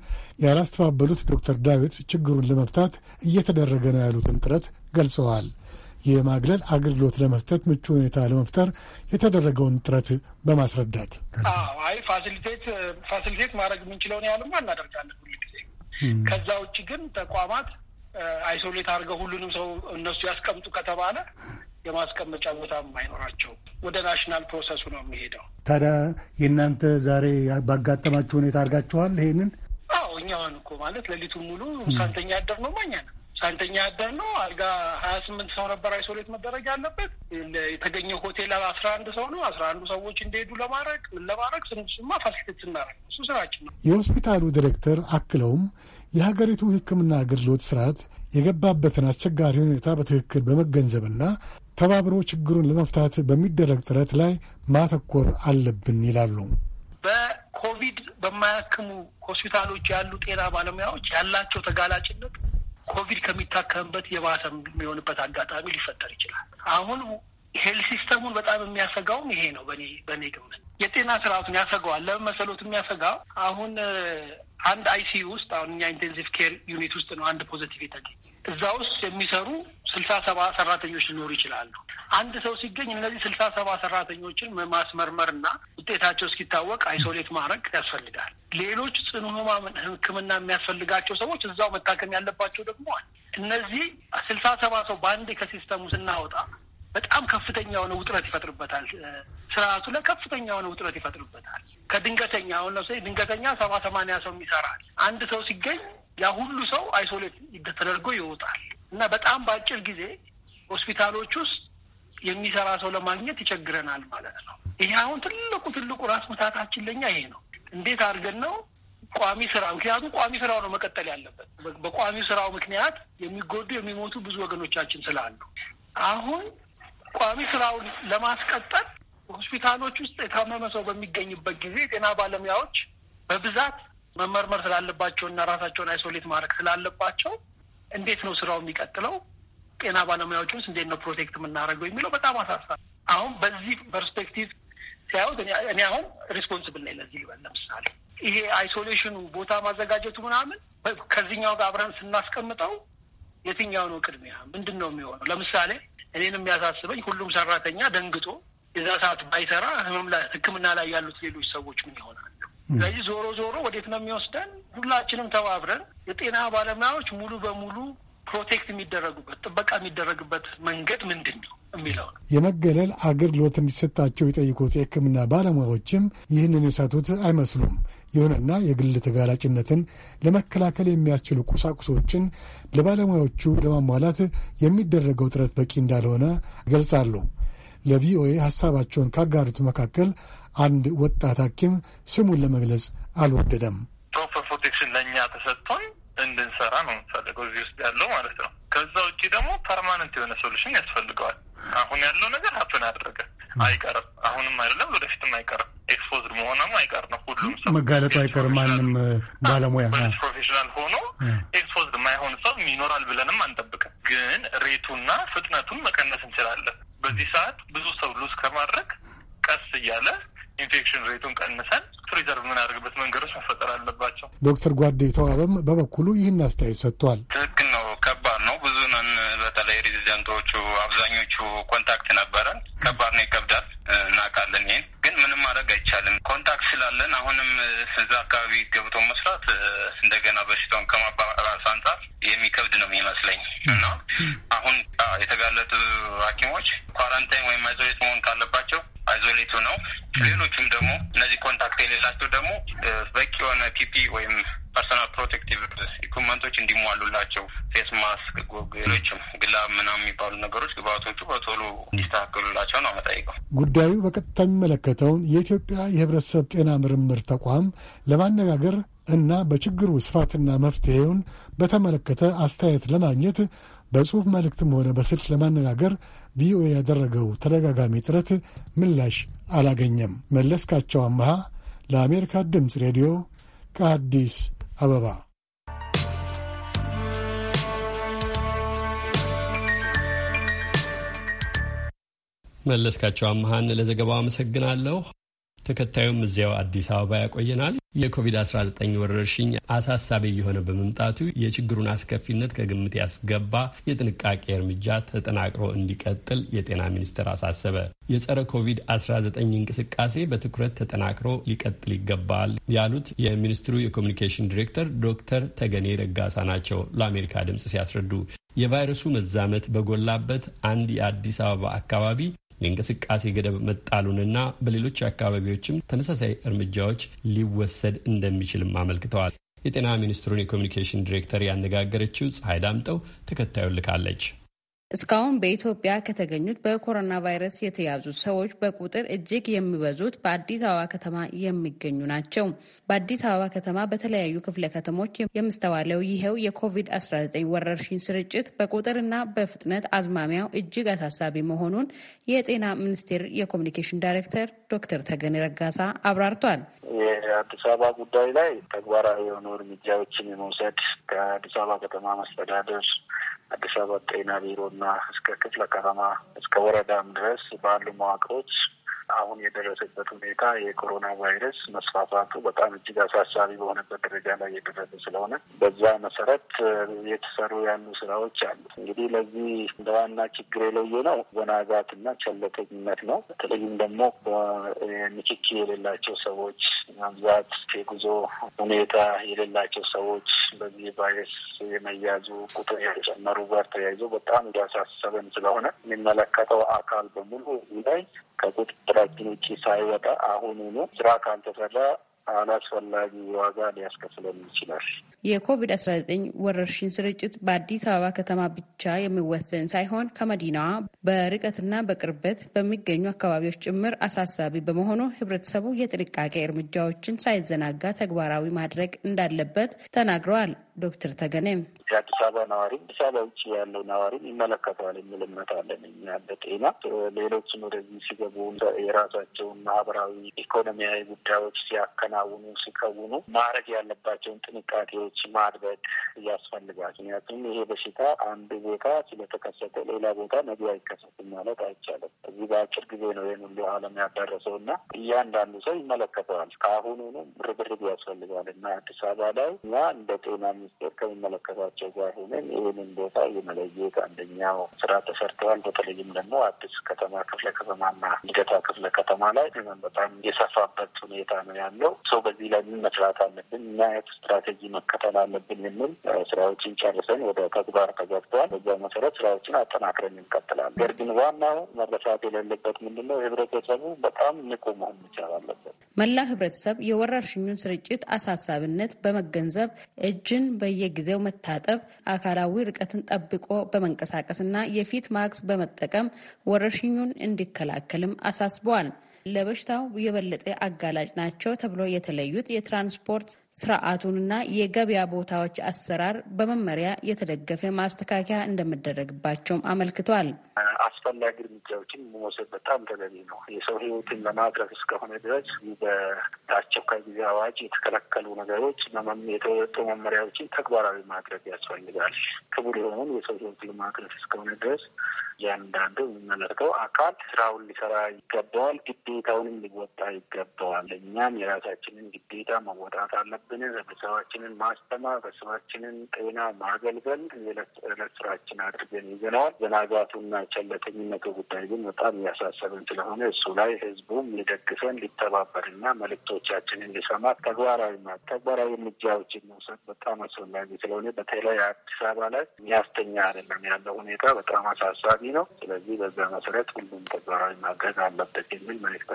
ያላስተባበሉት ዶክተር ዳዊት ችግሩን ለመፍታት እየተደረገ ነው ያሉትን ጥረት ገልጸዋል። የማግለል አገልግሎት ለመስጠት ምቹ ሁኔታ ለመፍጠር የተደረገውን ጥረት በማስረዳት አይ ፋሲሊቴት ፋሲሊቴት ማድረግ የምንችለውን ያህልማ እናደርጋለን ሁልጊዜ ከዛ ውጭ ግን ተቋማት አይሶሌት አድርገው ሁሉንም ሰው እነሱ ያስቀምጡ ከተባለ የማስቀመጫ ቦታም አይኖራቸው። ወደ ናሽናል ፕሮሰሱ ነው የሚሄደው። ታዲያ የእናንተ ዛሬ ባጋጠማችሁ ሁኔታ አድርጋችኋል ይሄንን? አዎ ሆን እኮ ማለት ሌሊቱን ሙሉ ሳንተኛ ነው ማኛ ነው ሳንተኛ ያደር ነው። አልጋ ሀያ ስምንት ሰው ነበር አይሶሌት መደረግ ያለበት። የተገኘው ሆቴል አስራ አንድ ሰው ነው። አስራ አንዱ ሰዎች እንዲሄዱ ለማድረግ ምን ለማድረግ ስንሱማ ፋሲሊቲ ስናደርግ እሱ ስራችን ነው። የሆስፒታሉ ዲሬክተር አክለውም የሀገሪቱ ሕክምና አገልግሎት ስርዓት የገባበትን አስቸጋሪ ሁኔታ በትክክል በመገንዘብና ተባብሮ ችግሩን ለመፍታት በሚደረግ ጥረት ላይ ማተኮር አለብን ይላሉ። በኮቪድ በማያክሙ ሆስፒታሎች ያሉ ጤና ባለሙያዎች ያላቸው ተጋላጭነት ኮቪድ ከሚታከምበት የባሰ የሚሆንበት አጋጣሚ ሊፈጠር ይችላል። አሁን ሄልት ሲስተሙን በጣም የሚያሰጋውም ይሄ ነው። በኔ በእኔ ግምት የጤና ስርዓቱን ያሰጋዋል። ለምን መሰሎት የሚያሰጋው አሁን አንድ አይሲዩ ውስጥ አሁን እኛ ኢንቴንሲቭ ኬር ዩኒት ውስጥ ነው አንድ ፖዘቲቭ የተገኘ እዛ ውስጥ የሚሰሩ ስልሳ ሰባ ሰራተኞች ሊኖሩ ይችላሉ። አንድ ሰው ሲገኝ እነዚህ ስልሳ ሰባ ሰራተኞችን ማስመርመርና ውጤታቸው እስኪታወቅ አይሶሌት ማድረግ ያስፈልጋል። ሌሎች ጽኑ ህሙማን ሕክምና የሚያስፈልጋቸው ሰዎች እዛው መታከም ያለባቸው ደግሞ አለ። እነዚህ ስልሳ ሰባ ሰው በአንዴ ከሲስተሙ ስናወጣ በጣም ከፍተኛ የሆነ ውጥረት ይፈጥርበታል። ስርዓቱ ላይ ከፍተኛ የሆነ ውጥረት ይፈጥርበታል። ከድንገተኛ አሁን ለምሳሌ ድንገተኛ ሰባ ሰማንያ ሰው ይሰራል። አንድ ሰው ሲገኝ ያ ሁሉ ሰው አይሶሌት ተደርጎ ይወጣል እና በጣም በአጭር ጊዜ ሆስፒታሎች ውስጥ የሚሰራ ሰው ለማግኘት ይቸግረናል ማለት ነው። ይሄ አሁን ትልቁ ትልቁ ራስ ምታታችን ለኛ ይሄ ነው። እንዴት አድርገን ነው ቋሚ ስራ ምክንያቱም ቋሚ ስራው ነው መቀጠል ያለበት። በቋሚ ስራው ምክንያት የሚጎዱ የሚሞቱ ብዙ ወገኖቻችን ስላሉ አሁን ቋሚ ስራውን ለማስቀጠል ሆስፒታሎች ውስጥ የታመመ ሰው በሚገኝበት ጊዜ ጤና ባለሙያዎች በብዛት መመርመር ስላለባቸው እና ራሳቸውን አይሶሌት ማድረግ ስላለባቸው እንዴት ነው ስራው የሚቀጥለው? ጤና ባለሙያዎች ውስጥ እንዴት ነው ፕሮቴክት የምናደርገው የሚለው በጣም አሳሳ አሁን በዚህ ፐርስፔክቲቭ ሲያዩት እኔ አሁን ሪስፖንስብል ነኝ ለዚህ ልበል። ለምሳሌ ይሄ አይሶሌሽኑ ቦታ ማዘጋጀቱ ምናምን ከዚህኛው ጋር አብረን ስናስቀምጠው የትኛው ነው ቅድሚያ ምንድን ነው የሚሆነው? ለምሳሌ እኔን የሚያሳስበኝ ሁሉም ሰራተኛ ደንግጦ የዛ ሰዓት ባይሰራ ህመም ላይ ላይ ያሉት ሌሎች ሰዎች ምን ይሆናል? ስለዚህ ዞሮ ዞሮ ወዴት ነው የሚወስደን? ሁላችንም ተባብረን የጤና ባለሙያዎች ሙሉ በሙሉ ፕሮቴክት የሚደረጉበት ጥበቃ የሚደረግበት መንገድ ምንድን ነው የሚለው የመገለል አገልግሎት እንዲሰጣቸው የጠይቁት የሕክምና ባለሙያዎችም ይህንን የሳቱት አይመስሉም። ይሁንና የግል ተጋላጭነትን ለመከላከል የሚያስችሉ ቁሳቁሶችን ለባለሙያዎቹ ለማሟላት የሚደረገው ጥረት በቂ እንዳልሆነ ይገልጻሉ። ለቪኦኤ ሀሳባቸውን ካጋሩት መካከል አንድ ወጣት ሐኪም ስሙን ለመግለጽ አልወደደም። ፕሮፐር ፕሮቴክሽን ለእኛ ተሰጥቶን እንድንሰራ ነው የምንፈልገው እዚህ ውስጥ ያለው ማለት ነው። ከዛ ውጭ ደግሞ ፐርማነንት የሆነ ሶሉሽን ያስፈልገዋል። አሁን ያለው ነገር ሀፕን አደረገ አይቀርም። አሁንም አይደለም ወደፊትም አይቀርም። ኤክስፖዝድ መሆንም አይቀር ነው። ሁሉም ሰው መጋለጡ አይቀር። ማንም ባለሙያ ፕሮፌሽናል ሆኖ ኤክስፖዝድ ማይሆን ሰው ይኖራል ብለንም አንጠብቅም። ግን ሬቱና ፍጥነቱን መቀነስ እንችላለን። በዚህ ሰዓት ብዙ ሰው ሉዝ ከማድረግ ቀስ እያለ ኢንፌክሽን ሬቱን ቀንሰን ፕሪዘርቭ የምናደርግበት መንገዶች መፈጠር አለባቸው። ዶክተር ጓዴ ተዋበም በበኩሉ ይህን አስተያየት ሰጥቷል። ትክክል ነው። ከባድ ነው። ብዙ ነን። በተለይ ሬዚደንቶቹ አብዛኞቹ ኮንታክት ነበረን። ከባድ ነው። ይከብዳል። እናውቃለን። ይህን ግን ምንም ማድረግ አይቻልም። ኮንታክት ስላለን አሁንም እዛ አካባቢ ገብቶ መስራት እንደገና በሽታውን ከማባባስ አንጻር የሚከብድ ነው የሚመስለኝ እና አሁን የተጋለጡ ሐኪሞች ኳራንታይን ወይም አይዞሌት መሆን ካለባቸው አይዞሌቱ ነው። ሌሎቹም ደግሞ እነዚህ ኮንታክት የሌላቸው ደግሞ በቂ የሆነ ፒፒ ወይም ፐርሶናል ፕሮቴክቲቭ ኢኩመንቶች እንዲሟሉላቸው ፌስ ማስክ፣ ሌሎችም ግላ ምናምን የሚባሉ ነገሮች ግብአቶቹ በቶሎ እንዲስተካከሉላቸው ነው መጠይቀው። ጉዳዩ በቀጥታ የሚመለከተውን የኢትዮጵያ የህብረተሰብ ጤና ምርምር ተቋም ለማነጋገር እና በችግሩ ስፋትና መፍትሄውን በተመለከተ አስተያየት ለማግኘት በጽሑፍ መልእክትም ሆነ በስልክ ለማነጋገር ቪኦኤ ያደረገው ተደጋጋሚ ጥረት ምላሽ አላገኘም። መለስካቸው አመሃ ለአሜሪካ ድምፅ ሬዲዮ ከአዲስ አበባ። መለስካቸው አመሃን ለዘገባው አመሰግናለሁ። ተከታዩም እዚያው አዲስ አበባ ያቆየናል። የኮቪድ-19 ወረርሽኝ አሳሳቢ የሆነ በመምጣቱ የችግሩን አስከፊነት ከግምት ያስገባ የጥንቃቄ እርምጃ ተጠናክሮ እንዲቀጥል የጤና ሚኒስቴር አሳሰበ። የጸረ ኮቪድ-19 እንቅስቃሴ በትኩረት ተጠናክሮ ሊቀጥል ይገባል ያሉት የሚኒስትሩ የኮሚኒኬሽን ዲሬክተር ዶክተር ተገኔ ረጋሳ ናቸው ለአሜሪካ ድምፅ ሲያስረዱ የቫይረሱ መዛመት በጎላበት አንድ የአዲስ አበባ አካባቢ የእንቅስቃሴ ገደብ መጣሉንና በሌሎች አካባቢዎችም ተመሳሳይ እርምጃዎች ሊወሰድ እንደሚችልም አመልክተዋል። የጤና ሚኒስትሩን የኮሚኒኬሽን ዲሬክተር ያነጋገረችው ፀሐይ ዳምጠው ተከታዩን ልካለች። እስካሁን በኢትዮጵያ ከተገኙት በኮሮና ቫይረስ የተያዙ ሰዎች በቁጥር እጅግ የሚበዙት በአዲስ አበባ ከተማ የሚገኙ ናቸው። በአዲስ አበባ ከተማ በተለያዩ ክፍለ ከተሞች የምስተዋለው ይኸው የኮቪድ-19 ወረርሽኝ ስርጭት በቁጥርና በፍጥነት አዝማሚያው እጅግ አሳሳቢ መሆኑን የጤና ሚኒስቴር የኮሚኒኬሽን ዳይሬክተር ዶክተር ተገኔ ረጋሳ አብራርቷል። የአዲስ አበባ ጉዳይ ላይ ተግባራዊ የሆኑ እርምጃዎችን የመውሰድ ከአዲስ አበባ ከተማ መስተዳደር አዲስ አበባ ጤና ቢሮና እስከ ክፍለ ከተማ እስከ ወረዳም ድረስ ባሉ መዋቅሮች አሁን የደረሰበት ሁኔታ የኮሮና ቫይረስ መስፋፋቱ በጣም እጅግ አሳሳቢ በሆነበት ደረጃ ላይ የደረሰ ስለሆነ በዛ መሰረት የተሰሩ ያሉ ስራዎች አሉ። እንግዲህ ለዚህ እንደ ዋና ችግር የለየ ነው ዘናጋትና ቸለተኝነት ነው። በተለይም ደግሞ ንክኪ የሌላቸው ሰዎች መብዛት፣ የጉዞ ሁኔታ የሌላቸው ሰዎች በዚህ ቫይረስ የመያዙ ቁጥር የተጨመሩ ጋር ተያይዞ በጣም እያሳሰበን ስለሆነ የሚመለከተው አካል በሙሉ ላይ ከቁጥጥር ከቁጥጥራችን ውጭ ሳይወጣ አሁኑኑ ስራ ካልተሰራ አላስፈላጊ ዋጋ ሊያስከፍለን ይችላል። የኮቪድ አስራ ዘጠኝ ወረርሽኝ ስርጭት በአዲስ አበባ ከተማ ብቻ የሚወሰን ሳይሆን ከመዲናዋ በርቀትና በቅርበት በሚገኙ አካባቢዎች ጭምር አሳሳቢ በመሆኑ ሕብረተሰቡ የጥንቃቄ እርምጃዎችን ሳይዘናጋ ተግባራዊ ማድረግ እንዳለበት ተናግረዋል ዶክተር ተገኔም የአዲስ አበባ ነዋሪ አዲስ አበባ ውጭ ያለው ነዋሪን ይመለከተዋል የሚል እምነት አለን። እኛ በጤና ሌሎችን ወደዚህ ሲገቡ የራሳቸውን ማህበራዊ፣ ኢኮኖሚያዊ ጉዳዮች ሲያከናውኑ ሲከውኑ ማድረግ ያለባቸውን ጥንቃቄዎች ማድረግ ያስፈልጋል። ምክንያቱም ይሄ በሽታ አንድ ቦታ ስለተከሰተ ሌላ ቦታ ነገ አይከሰትም ማለት አይቻልም። እዚህ በአጭር ጊዜ ነው ይህን ሁሉ ዓለም ያዳረሰው እና እያንዳንዱ ሰው ይመለከተዋል። ከአሁኑ ርብርብ ያስፈልጋል እና አዲስ አበባ ላይ እኛ እንደ ጤና ሚኒስቴር ከሚመለከታቸው ጋር ሆነን ይህንን ቦታ የመለየት አንደኛው ስራ ተሰርተዋል። በተለይም ደግሞ አዲስ ከተማ ክፍለ ከተማና ልደታ ክፍለ ከተማ ላይ በጣም የሰፋበት ሁኔታ ነው ያለው። ሰው በዚህ ላይ ምን መስራት አለብን፣ ምን አይነት ስትራቴጂ መከተል አለብን የሚል ስራዎችን ጨርሰን ወደ ተግባር ተገብተዋል። በዛ መሰረት ስራዎችን አጠናክረን እንቀጥላለን። ነገር ግን ዋናው መረሳት የሌለበት ምንድነው ህብረተሰቡ በጣም ንቁ መሆን መቻል አለበት። መላ ህብረተሰብ የወረርሽኙን ስርጭት አሳሳቢነት በመገንዘብ እጅን በየጊዜው መታጠብ፣ አካላዊ ርቀትን ጠብቆ በመንቀሳቀስና የፊት ማክስ በመጠቀም ወረርሽኙን እንዲከላከልም አሳስበዋል። ለበሽታው የበለጠ አጋላጭ ናቸው ተብሎ የተለዩት የትራንስፖርት ስርዓቱንና የገበያ ቦታዎች አሰራር በመመሪያ የተደገፈ ማስተካከያ እንደሚደረግባቸውም አመልክቷል። አስፈላጊ እርምጃዎችን መውሰድ በጣም ተገቢ ነው። የሰው ሕይወትን ለማቅረፍ እስከሆነ ድረስ በአስቸኳይ ጊዜ አዋጅ የተከለከሉ ነገሮች የተወጡ መመሪያዎችን ተግባራዊ ማድረግ ያስፈልጋል። ክቡር የሆኑን የሰው ሕይወትን ለማቅረፍ እስከሆነ ድረስ እያንዳንዱ የሚመለከተው አካል ስራውን ሊሰራ ይገባዋል፣ ግዴታውንም ሊወጣ ይገባዋል። እኛም የራሳችንን ግዴታ መወጣት አለብን። ህብረተሰባችንን ማስተማር፣ ህብረተሰባችንን ጤና ማገልገል የዕለት ስራችን አድርገን ይዘነዋል። ዘናጋቱና ቸለተኝነቱ ጉዳይ ግን በጣም እያሳሰብን ስለሆነ እሱ ላይ ህዝቡም ሊደግፈን ሊተባበርና መልእክቶቻችንን ሊሰማ ተግባራዊ ተግባራዊ እርምጃዎችን መውሰድ በጣም አስፈላጊ ስለሆነ በተለይ አዲስ አበባ ላይ የሚያስተኛ አይደለም ያለው ሁኔታ በጣም አሳሳቢ ነው። ስለዚህ በዛ መሰረት ሁሉም ተግባራዊ ማገዝ አለበት የሚል መልዕክት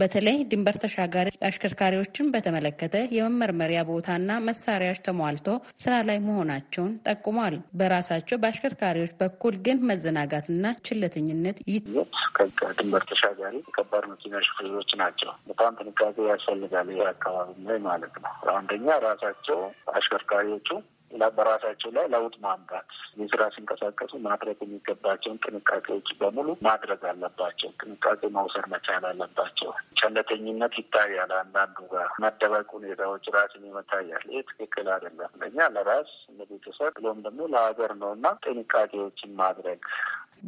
በተለይ ድንበር ተሻጋሪ አሽከርካሪዎችን በተመለከተ የመመርመሪያ ቦታና መሳሪያዎች ተሟልቶ ስራ ላይ መሆናቸውን ጠቁሟል። በራሳቸው በአሽከርካሪዎች በኩል ግን መዘናጋትና ችለተኝነት ይት ከድንበር ተሻጋሪ ከባድ መኪና ሹፌሮች ናቸው። በጣም ጥንቃቄ ያስፈልጋል። ይህ አካባቢ ላይ ማለት ነው። አንደኛ ራሳቸው አሽከርካሪዎቹ በራሳቸው ላይ ለውጥ ማምጣት የስራ ሲንቀሳቀሱ ማድረግ የሚገባቸውን ጥንቃቄዎች በሙሉ ማድረግ አለባቸው። ጥንቃቄ መውሰድ መቻል አለባቸው። ቸለተኝነት ይታያል። አንዳንዱ ጋር መደበቅ ሁኔታዎች ራስን ይመታያል። ይህ ትክክል አይደለም። ለእኛ ለራስ ለቤተሰብ ብሎም ደግሞ ለሀገር ነው እና ጥንቃቄዎችን ማድረግ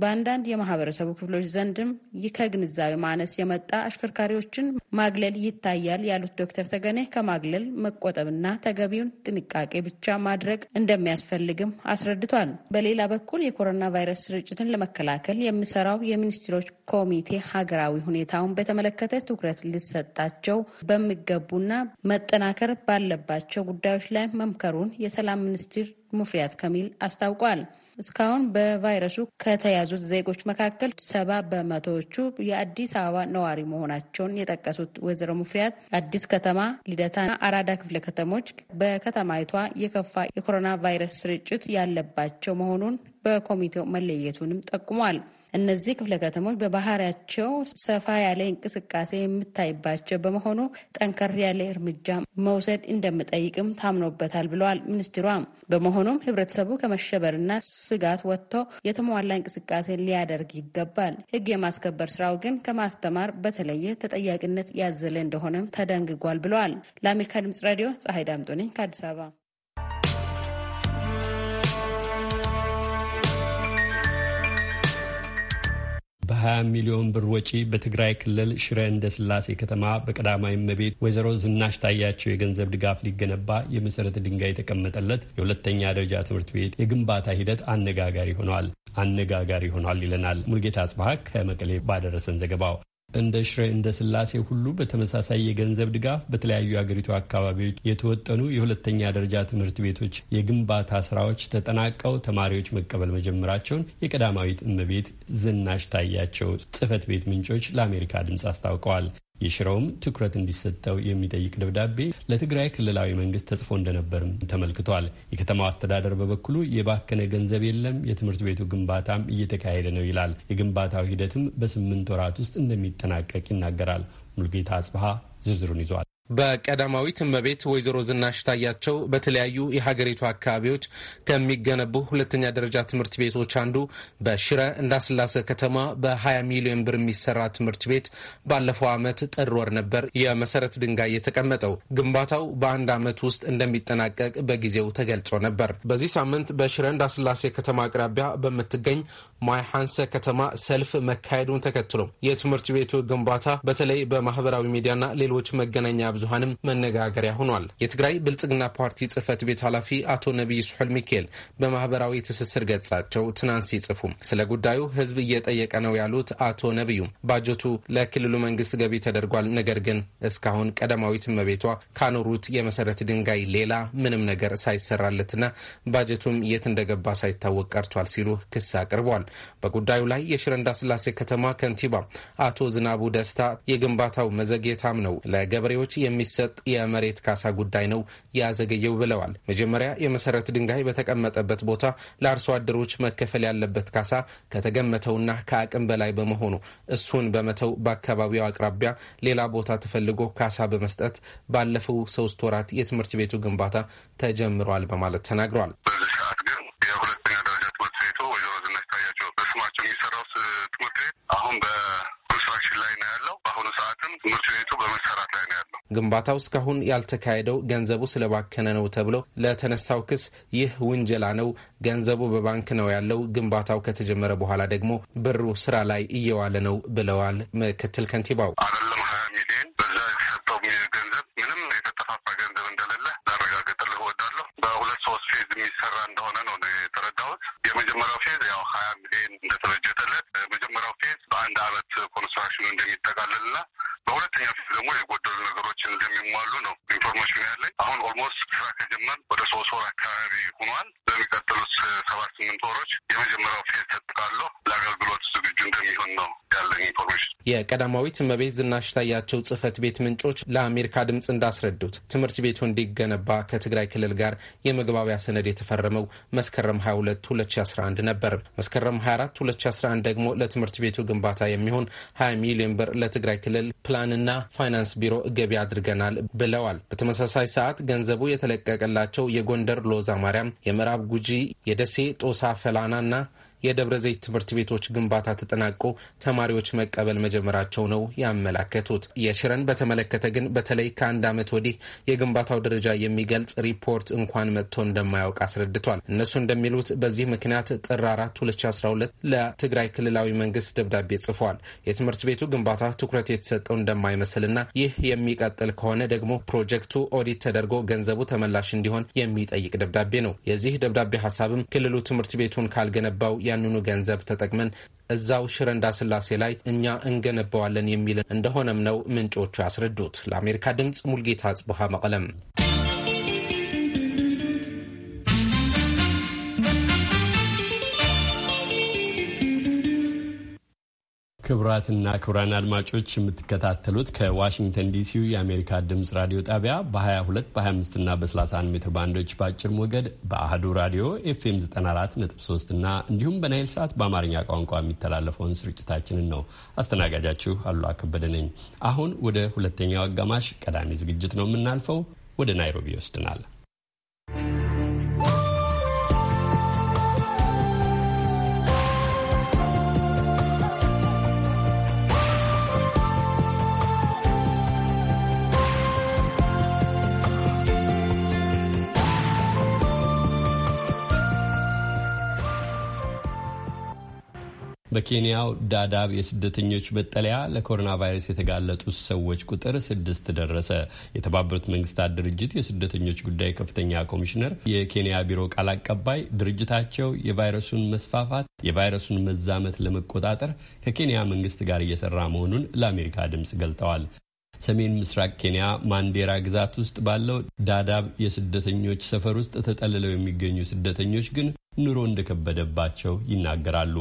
በአንዳንድ የማህበረሰቡ ክፍሎች ዘንድም ከግንዛቤ ማነስ የመጣ አሽከርካሪዎችን ማግለል ይታያል ያሉት ዶክተር ተገኔ ከማግለል መቆጠብና ተገቢውን ጥንቃቄ ብቻ ማድረግ እንደሚያስፈልግም አስረድቷል። በሌላ በኩል የኮሮና ቫይረስ ስርጭትን ለመከላከል የሚሰራው የሚኒስትሮች ኮሚቴ ሀገራዊ ሁኔታውን በተመለከተ ትኩረት ሊሰጣቸው በሚገቡና መጠናከር ባለባቸው ጉዳዮች ላይ መምከሩን የሰላም ሚኒስትር ሙፍሪያት ከሚል አስታውቋል። እስካሁን በቫይረሱ ከተያዙት ዜጎች መካከል ሰባ በመቶዎቹ የአዲስ አበባ ነዋሪ መሆናቸውን የጠቀሱት ወይዘሮ ሙፍሪያት አዲስ ከተማ፣ ልደታና አራዳ ክፍለ ከተሞች በከተማይቷ የከፋ የኮሮና ቫይረስ ስርጭት ያለባቸው መሆኑን በኮሚቴው መለየቱንም ጠቁሟል። እነዚህ ክፍለ ከተሞች በባህሪያቸው ሰፋ ያለ እንቅስቃሴ የምታይባቸው በመሆኑ ጠንከር ያለ እርምጃ መውሰድ እንደምጠይቅም ታምኖበታል ብለዋል ሚኒስትሯ። በመሆኑም ህብረተሰቡ ከመሸበርና ስጋት ወጥቶ የተሟላ እንቅስቃሴ ሊያደርግ ይገባል። ህግ የማስከበር ስራው ግን ከማስተማር በተለየ ተጠያቂነት ያዘለ እንደሆነም ተደንግጓል ብለዋል። ለአሜሪካ ድምጽ ሬዲዮ ፀሐይ ዳምጦ ነኝ ከአዲስ አበባ። በ20 ሚሊዮን ብር ወጪ በትግራይ ክልል ሽረ እንደ ስላሴ ከተማ በቀዳማዊ እመቤት ወይዘሮ ዝናሽ ታያቸው የገንዘብ ድጋፍ ሊገነባ የመሰረተ ድንጋይ የተቀመጠለት የሁለተኛ ደረጃ ትምህርት ቤት የግንባታ ሂደት አነጋጋሪ ሆኗል አነጋጋሪ ሆኗል ይለናል ሙልጌታ አጽባሀ ከመቀሌ ባደረሰን ዘገባው። እንደ ሽሬ እንደ ስላሴ ሁሉ በተመሳሳይ የገንዘብ ድጋፍ በተለያዩ የአገሪቱ አካባቢዎች የተወጠኑ የሁለተኛ ደረጃ ትምህርት ቤቶች የግንባታ ስራዎች ተጠናቀው ተማሪዎች መቀበል መጀመራቸውን የቀዳማዊት እመቤት ዝናሽ ታያቸው ጽህፈት ቤት ምንጮች ለአሜሪካ ድምፅ አስታውቀዋል። የሽረውም ትኩረት እንዲሰጠው የሚጠይቅ ደብዳቤ ለትግራይ ክልላዊ መንግስት ተጽፎ እንደነበርም ተመልክቷል። የከተማው አስተዳደር በበኩሉ የባከነ ገንዘብ የለም፣ የትምህርት ቤቱ ግንባታም እየተካሄደ ነው ይላል። የግንባታው ሂደትም በስምንት ወራት ውስጥ እንደሚጠናቀቅ ይናገራል። ሙልጌታ አጽብሃ ዝርዝሩን ይዟል። በቀዳማዊት እመቤት ወይዘሮ ዝናሽ ታያቸው በተለያዩ የሀገሪቱ አካባቢዎች ከሚገነቡ ሁለተኛ ደረጃ ትምህርት ቤቶች አንዱ በሽረ እንዳስላሰ ከተማ በ20 ሚሊዮን ብር የሚሰራ ትምህርት ቤት ባለፈው ዓመት ጥር ወር ነበር የመሰረት ድንጋይ የተቀመጠው። ግንባታው በአንድ ዓመት ውስጥ እንደሚጠናቀቅ በጊዜው ተገልጾ ነበር። በዚህ ሳምንት በሽረ እንዳስላሴ ከተማ አቅራቢያ በምትገኝ ማይ ከተማ ሰልፍ መካሄዱን ተከትሎ የትምህርት ቤቱ ግንባታ በተለይ በማህበራዊ ሚዲያና ሌሎች መገናኛ ብዙሀንም መነጋገሪያ ሆኗል። የትግራይ ብልጽግና ፓርቲ ጽህፈት ቤት ኃላፊ አቶ ነቢይ ስሑል ሚካኤል በማህበራዊ ትስስር ገጻቸው ትናንት ሲጽፉ ስለ ጉዳዩ ህዝብ እየጠየቀ ነው ያሉት አቶ ነቢዩ ባጀቱ ለክልሉ መንግስት ገቢ ተደርጓል፣ ነገር ግን እስካሁን ቀዳማዊት እመቤቷ ካኖሩት የመሰረት ድንጋይ ሌላ ምንም ነገር ሳይሰራለትና ባጀቱም የት እንደገባ ሳይታወቅ ቀርቷል ሲሉ ክስ አቅርቧል። በጉዳዩ ላይ የሽረንዳ ስላሴ ከተማ ከንቲባ አቶ ዝናቡ ደስታ የግንባታው መዘግየታም ነው ለገበሬዎች የሚሰጥ የመሬት ካሳ ጉዳይ ነው ያዘገየው ብለዋል። መጀመሪያ የመሰረት ድንጋይ በተቀመጠበት ቦታ ለአርሶ አደሮች መከፈል ያለበት ካሳ ከተገመተውና ከአቅም በላይ በመሆኑ እሱን በመተው በአካባቢው አቅራቢያ ሌላ ቦታ ተፈልጎ ካሳ በመስጠት ባለፈው ሶስት ወራት የትምህርት ቤቱ ግንባታ ተጀምሯል በማለት ተናግረዋል። ስማቸው የሚሰራው ትምህርት ቤት አሁን በኮንስትራክሽን ላይ ነው ያለው። በአሁኑ ሰዓትም ትምህርት ቤቱ በመሰራት ላይ ነው ያለው። ግንባታው እስካሁን ያልተካሄደው ገንዘቡ ስለባከነ ነው ተብሎ ለተነሳው ክስ ይህ ውንጀላ ነው። ገንዘቡ በባንክ ነው ያለው። ግንባታው ከተጀመረ በኋላ ደግሞ ብሩ ስራ ላይ እየዋለ ነው ብለዋል ምክትል ከንቲባው። አይደለም ሀያ ሚሊዮን በዛ የተሰጠው ገንዘብ ምንም የተጠፋፋ ገንዘብ እንደሌለ ላረጋግጥልህ እወዳለሁ። በሁለት ሶስት ፌዝ የሚሰራ እንደሆነ ነው የመጀመሪያው ፌዝ ያው ሀያ ሚሊዮን እንደተበጀተለት የመጀመሪያው ፌዝ በአንድ አመት ኮንስትራክሽኑ እንደሚጠቃለልና በሁለተኛ ፌዝ ደግሞ የጎደሉ ነገሮችን እንደሚሟሉ ነው ኢንፎርሜሽን ያለኝ። አሁን ኦልሞስት ስራ ከጀመር ወደ ሶስት ወር አካባቢ ሆኗል። በሚቀጥሉት ሰባት ስምንት ወሮች የቀዳማዊት እመቤት ዝናሽ ታያቸው ጽህፈት ቤት ምንጮች ለአሜሪካ ድምፅ እንዳስረዱት ትምህርት ቤቱ እንዲገነባ ከትግራይ ክልል ጋር የመግባቢያ ሰነድ የተፈረመው መስከረም 22 2011 ነበር። መስከረም 24 2011 ደግሞ ለትምህርት ቤቱ ግንባታ የሚሆን 20 ሚሊዮን ብር ለትግራይ ክልል ፕላንና ፋይናንስ ቢሮ ገቢ አድርገናል ብለዋል። በተመሳሳይ ሰዓት ገንዘቡ የተለቀቀላቸው የጎንደር ሎዛ ማርያም፣ የምዕራብ ጉጂ፣ የደሴ ጦሳ ፈላና ና የደብረ ዘይት ትምህርት ቤቶች ግንባታ ተጠናቆ ተማሪዎች መቀበል መጀመራቸው ነው ያመላከቱት። የሽረን በተመለከተ ግን በተለይ ከአንድ ዓመት ወዲህ የግንባታው ደረጃ የሚገልጽ ሪፖርት እንኳን መጥቶ እንደማያውቅ አስረድቷል። እነሱ እንደሚሉት በዚህ ምክንያት ጥር 4 2012 ለትግራይ ክልላዊ መንግስት ደብዳቤ ጽፏል። የትምህርት ቤቱ ግንባታ ትኩረት የተሰጠው እንደማይመስልና ይህ የሚቀጥል ከሆነ ደግሞ ፕሮጀክቱ ኦዲት ተደርጎ ገንዘቡ ተመላሽ እንዲሆን የሚጠይቅ ደብዳቤ ነው። የዚህ ደብዳቤ ሀሳብም ክልሉ ትምህርት ቤቱን ካልገነባው ያንኑ ገንዘብ ተጠቅመን እዛው ሽረ እንዳስላሴ ላይ እኛ እንገነባዋለን የሚል እንደሆነም ነው ምንጮቹ ያስረዱት። ለአሜሪካ ድምፅ ሙልጌታ ጽቡሃ መቀለም ክቡራትና ክቡራን አድማጮች የምትከታተሉት ከዋሽንግተን ዲሲው የአሜሪካ ድምፅ ራዲዮ ጣቢያ በ22 በ25 እና በ31 ሜትር ባንዶች በአጭር ሞገድ በአህዱ ራዲዮ ኤፍኤም 94.3 እና እንዲሁም በናይል ሰዓት በአማርኛ ቋንቋ የሚተላለፈውን ስርጭታችንን ነው። አስተናጋጃችሁ አሉላ ከበደ ነኝ። አሁን ወደ ሁለተኛው አጋማሽ ቀዳሚ ዝግጅት ነው የምናልፈው። ወደ ናይሮቢ ይወስድናል። በኬንያው ዳዳብ የስደተኞች መጠለያ ለኮሮና ቫይረስ የተጋለጡ ሰዎች ቁጥር ስድስት ደረሰ። የተባበሩት መንግስታት ድርጅት የስደተኞች ጉዳይ ከፍተኛ ኮሚሽነር የኬንያ ቢሮ ቃል አቀባይ ድርጅታቸው የቫይረሱን መስፋፋት፣ የቫይረሱን መዛመት ለመቆጣጠር ከኬንያ መንግስት ጋር እየሰራ መሆኑን ለአሜሪካ ድምፅ ገልጠዋል። ሰሜን ምስራቅ ኬንያ ማንዴራ ግዛት ውስጥ ባለው ዳዳብ የስደተኞች ሰፈር ውስጥ ተጠልለው የሚገኙ ስደተኞች ግን ኑሮ እንደከበደባቸው ይናገራሉ።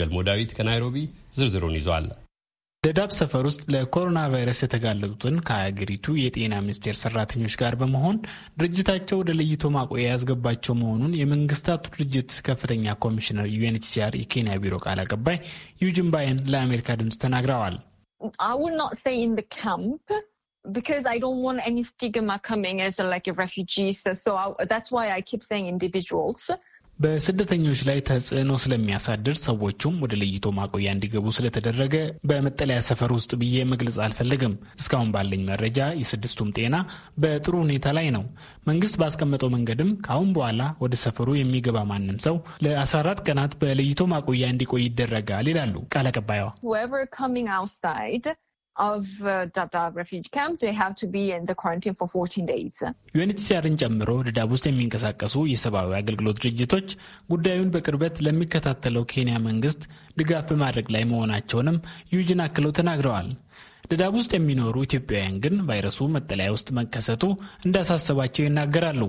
ገልሞ ዳዊት ከናይሮቢ ዝርዝሩን ይዟል። ደዳብ ሰፈር ውስጥ ለኮሮና ቫይረስ የተጋለጡትን ከሀገሪቱ የጤና ሚኒስቴር ሰራተኞች ጋር በመሆን ድርጅታቸው ወደ ለይቶ ማቆያ ያስገባቸው መሆኑን የመንግስታቱ ድርጅት ከፍተኛ ኮሚሽነር ዩኤንኤችሲአር የኬንያ ቢሮ ቃል አቀባይ ዩጅን ባየን ለአሜሪካ ድምፅ ተናግረዋል። because I don't want any stigma coming as like refugees. So I, that's why I keep saying individuals. በስደተኞች ላይ ተጽዕኖ ስለሚያሳድር ሰዎቹም ወደ ለይቶ ማቆያ እንዲገቡ ስለተደረገ በመጠለያ ሰፈር ውስጥ ብዬ መግለጽ አልፈልግም። እስካሁን ባለኝ መረጃ የስድስቱም ጤና በጥሩ ሁኔታ ላይ ነው። መንግስት ባስቀመጠው መንገድም ከአሁን በኋላ ወደ ሰፈሩ የሚገባ ማንም ሰው ለ14 ቀናት በለይቶ ማቆያ እንዲቆይ ይደረጋል ይላሉ ቃል አቀባይዋ። of uh, Dadaab refugee camp, they have to be in the quarantine for 14 days. ዩኤንኤችሲአርን ጨምሮ ደዳብ ውስጥ የሚንቀሳቀሱ የሰብአዊ አገልግሎት ድርጅቶች ጉዳዩን በቅርበት ለሚከታተለው ኬንያ መንግስት ድጋፍ በማድረግ ላይ መሆናቸውንም ዩጅን አክለው ተናግረዋል። ደዳብ ውስጥ የሚኖሩ ኢትዮጵያውያን ግን ቫይረሱ መጠለያ ውስጥ መከሰቱ እንዳሳሰባቸው ይናገራሉ።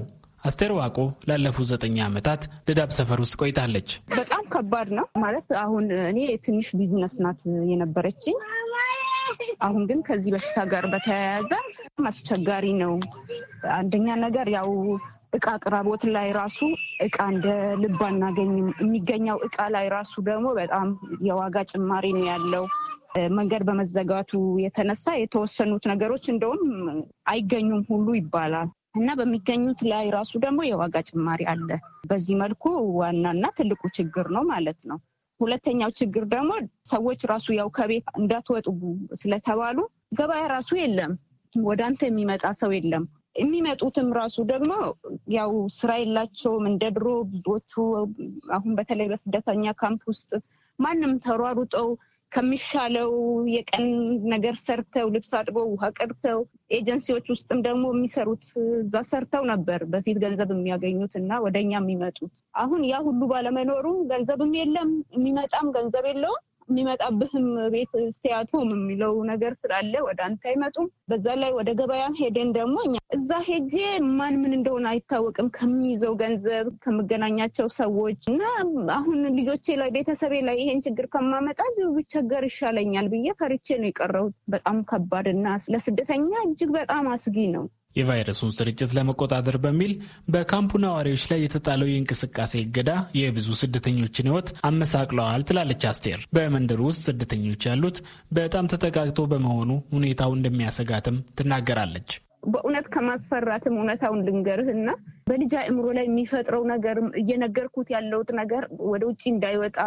አስቴር ዋቆ ላለፉት ዘጠኝ ዓመታት ደዳብ ሰፈር ውስጥ ቆይታለች። በጣም ከባድ ነው ማለት አሁን እኔ ትንሽ ቢዝነስ ናት የነበረችኝ አሁን ግን ከዚህ በሽታ ጋር በተያያዘ አስቸጋሪ ነው። አንደኛ ነገር ያው እቃ አቅራቦት ላይ ራሱ እቃ እንደ ልብ አናገኝም። የሚገኘው እቃ ላይ ራሱ ደግሞ በጣም የዋጋ ጭማሪ ነው ያለው። መንገድ በመዘጋቱ የተነሳ የተወሰኑት ነገሮች እንደውም አይገኙም ሁሉ ይባላል እና በሚገኙት ላይ ራሱ ደግሞ የዋጋ ጭማሪ አለ። በዚህ መልኩ ዋናና ትልቁ ችግር ነው ማለት ነው። ሁለተኛው ችግር ደግሞ ሰዎች ራሱ ያው ከቤት እንዳትወጡ ስለተባሉ ገበያ ራሱ የለም። ወደ አንተ የሚመጣ ሰው የለም። የሚመጡትም ራሱ ደግሞ ያው ስራ የላቸውም። እንደ ድሮ ብዙዎቹ አሁን በተለይ በስደተኛ ካምፕ ውስጥ ማንም ተሯሩጠው ከሚሻለው የቀን ነገር ሰርተው ልብስ አጥበው ውሃ ቀድተው ኤጀንሲዎች ውስጥም ደግሞ የሚሰሩት እዛ ሰርተው ነበር በፊት ገንዘብ የሚያገኙት እና ወደኛ የሚመጡት። አሁን ያ ሁሉ ባለመኖሩ ገንዘብም የለም የሚመጣም ገንዘብ የለውም። የሚመጣብህም ቤት ስቲያቶም የሚለው ነገር ስላለ ወደ አንተ አይመጡም። በዛ ላይ ወደ ገበያም ሄደን ደግሞ እኛ እዛ ሄጄ ማን ምን እንደሆነ አይታወቅም ከሚይዘው ገንዘብ ከምገናኛቸው ሰዎች እና አሁን ልጆቼ ላይ ቤተሰቤ ላይ ይሄን ችግር ከማመጣ እዚሁ ብቸገር ይሻለኛል ብዬ ፈርቼ ነው የቀረሁት። በጣም ከባድ እና ለስደተኛ እጅግ በጣም አስጊ ነው። የቫይረሱን ስርጭት ለመቆጣጠር በሚል በካምፑ ነዋሪዎች ላይ የተጣለው የእንቅስቃሴ እገዳ የብዙ ስደተኞችን ሕይወት አመሳቅለዋል ትላለች አስቴር። በመንደሩ ውስጥ ስደተኞች ያሉት በጣም ተጠቃቅቶ በመሆኑ ሁኔታው እንደሚያሰጋትም ትናገራለች። በእውነት ከማስፈራትም እውነታውን ልንገርህና በልጅ አእምሮ ላይ የሚፈጥረው ነገር እየነገርኩት ያለውት ነገር ወደ ውጭ እንዳይወጣ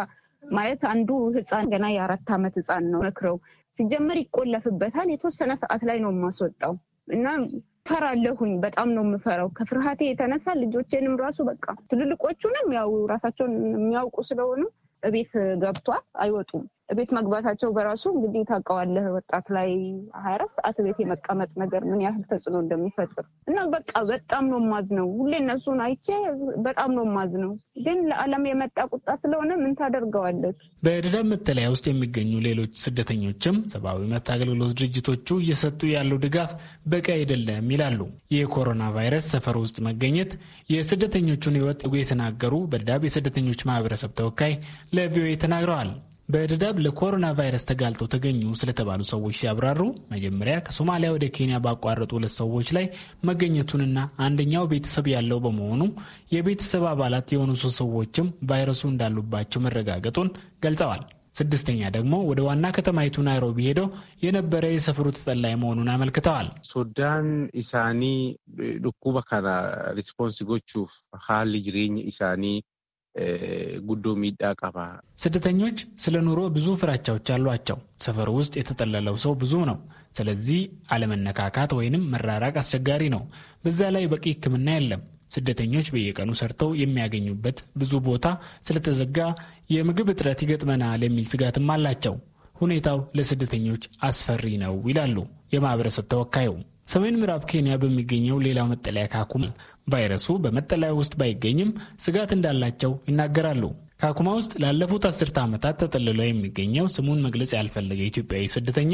ማለት አንዱ ህፃን ገና የአራት ዓመት ህፃን ነው። መክረው ሲጀመር ይቆለፍበታል። የተወሰነ ሰዓት ላይ ነው የማስወጣው እና ፈራለሁኝ። በጣም ነው የምፈራው። ከፍርሃቴ የተነሳ ልጆቼንም ራሱ በቃ ትልልቆቹንም ያው ራሳቸውን የሚያውቁ ስለሆኑ እቤት ገብቷል አይወጡም። ቤት መግባታቸው በራሱ እንግዲህ ታውቀዋለህ፣ ወጣት ላይ ሀያ አራት ሰዓት ቤት የመቀመጥ ነገር ምን ያህል ተጽዕኖ እንደሚፈጥር እና በቃ በጣም ነው ማዝ ነው። ሁሌ እነሱን አይቼ በጣም ነው ማዝ ነው። ግን ለዓለም የመጣ ቁጣ ስለሆነ ምን ታደርገዋለህ። በደዳብ መጠለያ ውስጥ የሚገኙ ሌሎች ስደተኞችም ሰብአዊ መብት አገልግሎት ድርጅቶቹ እየሰጡ ያለው ድጋፍ በቂ አይደለም ይላሉ። የኮሮና ቫይረስ ሰፈር ውስጥ መገኘት የስደተኞቹን ህይወት የተናገሩ በደዳብ የስደተኞች ማህበረሰብ ተወካይ ለቪኦኤ ተናግረዋል። በድዳብ ለኮሮና ቫይረስ ተጋልጠው ተገኙ ስለተባሉ ሰዎች ሲያብራሩ መጀመሪያ ከሶማሊያ ወደ ኬንያ ባቋረጡ ሁለት ሰዎች ላይ መገኘቱንና አንደኛው ቤተሰብ ያለው በመሆኑ የቤተሰብ አባላት የሆኑ ሶስት ሰዎችም ቫይረሱ እንዳሉባቸው መረጋገጡን ገልጸዋል። ስድስተኛ ደግሞ ወደ ዋና ከተማይቱ ናይሮቢ ሄደው የነበረ የሰፈሩ ተጠላይ መሆኑን አመልክተዋል። ሱዳን ኢሳኒ ዱኩባ ሪስፖንስ ጎቹፍ ሀሊ ጅሬኝ ኢሳኒ ጉዶ ሚዳ ቀፋ ስደተኞች ስለ ኑሮ ብዙ ፍራቻዎች አሏቸው። ሰፈር ውስጥ የተጠለለው ሰው ብዙ ነው። ስለዚህ አለመነካካት ወይንም መራራቅ አስቸጋሪ ነው። በዛ ላይ በቂ ሕክምና የለም። ስደተኞች በየቀኑ ሰርተው የሚያገኙበት ብዙ ቦታ ስለተዘጋ የምግብ እጥረት ይገጥመናል የሚል ስጋትም አላቸው። ሁኔታው ለስደተኞች አስፈሪ ነው ይላሉ የማህበረሰብ ተወካዩም ሰሜን ምዕራብ ኬንያ በሚገኘው ሌላው መጠለያ ካኩማ ቫይረሱ በመጠለያ ውስጥ ባይገኝም ስጋት እንዳላቸው ይናገራሉ። ካኩማ ውስጥ ላለፉት አስርተ ዓመታት ተጠልሎ የሚገኘው ስሙን መግለጽ ያልፈለገ ኢትዮጵያዊ ስደተኛ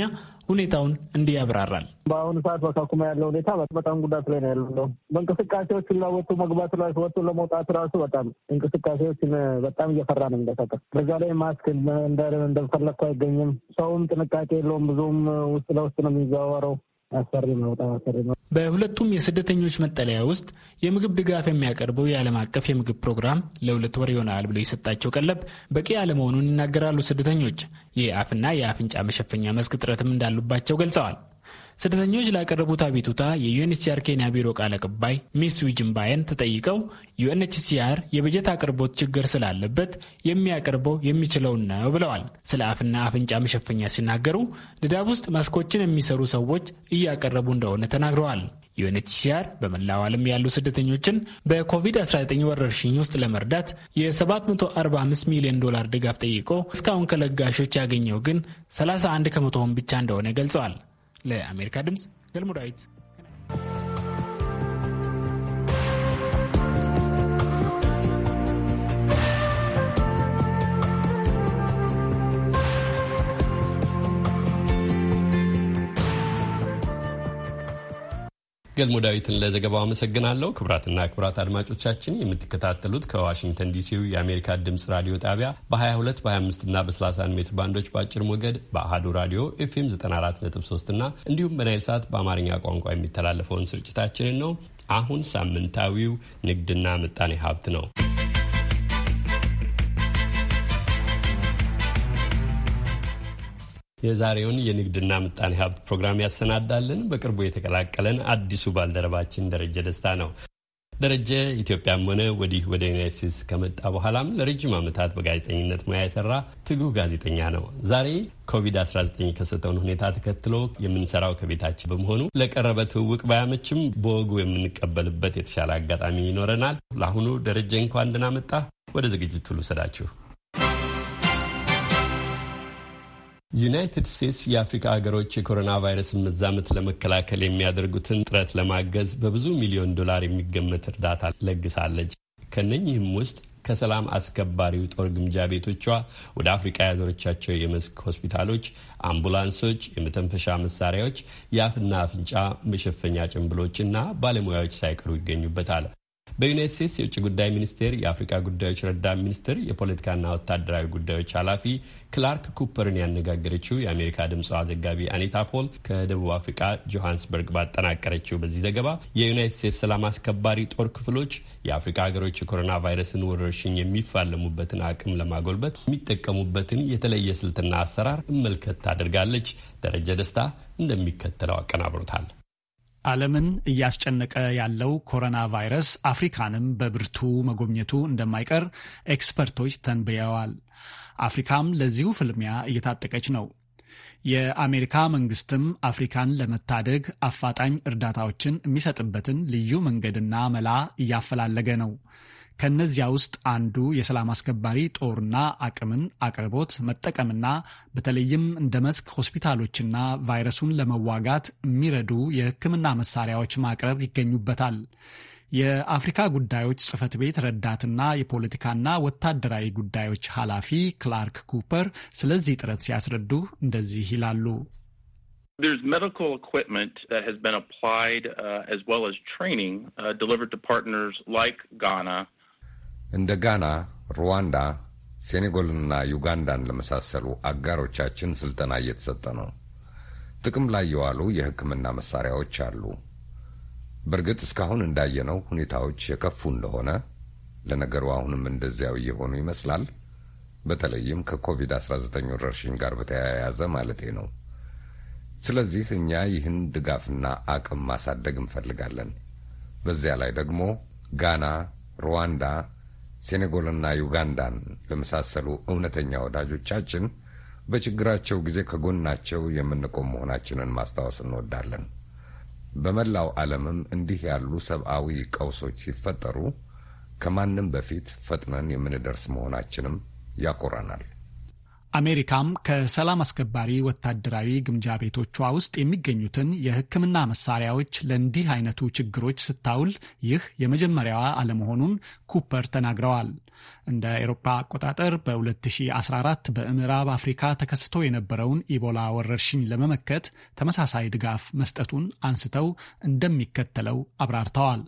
ሁኔታውን እንዲህ ያብራራል። በአሁኑ ሰዓት በካኩማ ያለው ሁኔታ በጣም ጉዳት ላይ ነው ያለው። በእንቅስቃሴዎች ላወጡ መግባት ላይ ወጡ ለመውጣት ራሱ በጣም እንቅስቃሴዎችን በጣም እየፈራ ነው የሚንቀሳቀስ። በዛ ላይ ማስክ እንደፈለግኩ አይገኝም። ሰውም ጥንቃቄ የለውም። ብዙም ውስጥ ለውስጥ ነው የሚዘዋወረው። አሰሪ በጣም አሰሪ ነው። በሁለቱም የስደተኞች መጠለያ ውስጥ የምግብ ድጋፍ የሚያቀርበው የዓለም አቀፍ የምግብ ፕሮግራም ለሁለት ወር ይሆናል ብሎ የሰጣቸው ቀለብ በቂ አለመሆኑን ይናገራሉ። ስደተኞች የአፍና የአፍንጫ መሸፈኛ መስክ እጥረትም እንዳሉባቸው ገልጸዋል። ስደተኞች ላቀረቡት አቤቱታ የዩኤንኤችሲአር ኬንያ ቢሮ ቃል አቀባይ ሚስ ዊጅምባየን ተጠይቀው ዩኤንኤችሲአር የበጀት አቅርቦት ችግር ስላለበት የሚያቀርበው የሚችለውን ነው ብለዋል። ስለ አፍና አፍንጫ መሸፈኛ ሲናገሩ ድዳብ ውስጥ ማስኮችን የሚሰሩ ሰዎች እያቀረቡ እንደሆነ ተናግረዋል። ዩኤንኤችሲአር በመላው ዓለም ያሉ ስደተኞችን በኮቪድ-19 ወረርሽኝ ውስጥ ለመርዳት የ745 ሚሊዮን ዶላር ድጋፍ ጠይቆ እስካሁን ከለጋሾች ያገኘው ግን 31 ከመቶውን ብቻ እንደሆነ ገልጸዋል። ለአሜሪካ ድምፅ ገልሞ ገልሞ ዳዊትን ለዘገባው አመሰግናለሁ። ክቡራትና ክቡራት አድማጮቻችን የምትከታተሉት ከዋሽንግተን ዲሲው የአሜሪካ ድምፅ ራዲዮ ጣቢያ በ22 በ25 እና በ31 ሜትር ባንዶች በአጭር ሞገድ በአሀዱ ራዲዮ ኤፍኤም 94.3 እና እንዲሁም በናይል ሰዓት በአማርኛ ቋንቋ የሚተላለፈውን ስርጭታችንን ነው። አሁን ሳምንታዊው ንግድና ምጣኔ ሀብት ነው። የዛሬውን የንግድና ምጣኔ ሀብት ፕሮግራም ያሰናዳልን በቅርቡ የተቀላቀለን አዲሱ ባልደረባችን ደረጀ ደስታ ነው። ደረጀ ኢትዮጵያም ሆነ ወዲህ ወደ ዩናይት ስቴትስ ከመጣ በኋላም ለረጅም ዓመታት በጋዜጠኝነት ሙያ የሰራ ትጉህ ጋዜጠኛ ነው። ዛሬ ኮቪድ-19 የከሰተውን ሁኔታ ተከትሎ የምንሰራው ከቤታችን በመሆኑ ለቀረበ ትውውቅ ባያመችም በወጉ የምንቀበልበት የተሻለ አጋጣሚ ይኖረናል። ለአሁኑ ደረጀ እንኳን ደህና ወደ ወደ ዝግጅቱ ሰዳችሁ። ዩናይትድ ስቴትስ የአፍሪካ ሀገሮች የኮሮና ቫይረስን መዛመት ለመከላከል የሚያደርጉትን ጥረት ለማገዝ በብዙ ሚሊዮን ዶላር የሚገመት እርዳታ ለግሳለች። ከነኚህም ውስጥ ከሰላም አስከባሪው ጦር ግምጃ ቤቶቿ ወደ አፍሪካ ያዞረቻቸው የመስክ ሆስፒታሎች፣ አምቡላንሶች፣ የመተንፈሻ መሳሪያዎች፣ የአፍና አፍንጫ መሸፈኛ ጭንብሎች እና ባለሙያዎች ሳይቀሩ ይገኙበታል። በዩናይት ስቴትስ የውጭ ጉዳይ ሚኒስቴር የአፍሪካ ጉዳዮች ረዳት ሚኒስትር የፖለቲካና ወታደራዊ ጉዳዮች ኃላፊ ክላርክ ኩፐርን ያነጋገረችው የአሜሪካ ድምፅዋ ዘጋቢ አኒታ ፖል ከደቡብ አፍሪካ ጆሃንስበርግ ባጠናቀረችው በዚህ ዘገባ የዩናይት ስቴትስ ሰላም አስከባሪ ጦር ክፍሎች የአፍሪካ ሀገሮች የኮሮና ቫይረስን ወረርሽኝ የሚፋለሙበትን አቅም ለማጎልበት የሚጠቀሙበትን የተለየ ስልትና አሰራር እመልከት ታደርጋለች። ደረጀ ደስታ እንደሚከተለው አቀናብሮታል። ዓለምን እያስጨነቀ ያለው ኮሮና ቫይረስ አፍሪካንም በብርቱ መጎብኘቱ እንደማይቀር ኤክስፐርቶች ተንብየዋል። አፍሪካም ለዚሁ ፍልሚያ እየታጠቀች ነው። የአሜሪካ መንግስትም አፍሪካን ለመታደግ አፋጣኝ እርዳታዎችን የሚሰጥበትን ልዩ መንገድና መላ እያፈላለገ ነው። ከነዚያ ውስጥ አንዱ የሰላም አስከባሪ ጦርና አቅምን አቅርቦት መጠቀምና በተለይም እንደ መስክ ሆስፒታሎችና ቫይረሱን ለመዋጋት የሚረዱ የሕክምና መሳሪያዎች ማቅረብ ይገኙበታል። የአፍሪካ ጉዳዮች ጽህፈት ቤት ረዳትና የፖለቲካና ወታደራዊ ጉዳዮች ኃላፊ ክላርክ ኩፐር ስለዚህ ጥረት ሲያስረዱ እንደዚህ ይላሉ። There's medical equipment that has been applied uh, as well as training uh, delivered to partners like Ghana. እንደ ጋና፣ ሩዋንዳ፣ ሴኔጎልና ዩጋንዳን ለመሳሰሉ አጋሮቻችን ስልጠና እየተሰጠ ነው። ጥቅም ላይ የዋሉ የሕክምና መሳሪያዎች አሉ። በእርግጥ እስካሁን እንዳየነው ሁኔታዎች የከፉ እንደሆነ ለነገሩ አሁንም እንደዚያው እየሆኑ ይመስላል። በተለይም ከኮቪድ-19 ወረርሽኝ ጋር በተያያዘ ማለቴ ነው። ስለዚህ እኛ ይህን ድጋፍና አቅም ማሳደግ እንፈልጋለን። በዚያ ላይ ደግሞ ጋና፣ ሩዋንዳ ሴኔጎልና ዩጋንዳን ለመሳሰሉ እውነተኛ ወዳጆቻችን በችግራቸው ጊዜ ከጎናቸው የምንቆም መሆናችንን ማስታወስ እንወዳለን። በመላው ዓለምም እንዲህ ያሉ ሰብአዊ ቀውሶች ሲፈጠሩ ከማንም በፊት ፈጥነን የምንደርስ መሆናችንም ያኮራናል። አሜሪካም ከሰላም አስከባሪ ወታደራዊ ግምጃ ቤቶቿ ውስጥ የሚገኙትን የሕክምና መሳሪያዎች ለእንዲህ አይነቱ ችግሮች ስታውል ይህ የመጀመሪያዋ አለመሆኑን ኩፐር ተናግረዋል። እንደ አውሮፓ አቆጣጠር በ2014 በምዕራብ አፍሪካ ተከስቶ የነበረውን ኢቦላ ወረርሽኝ ለመመከት ተመሳሳይ ድጋፍ መስጠቱን አንስተው እንደሚከተለው አብራርተዋል።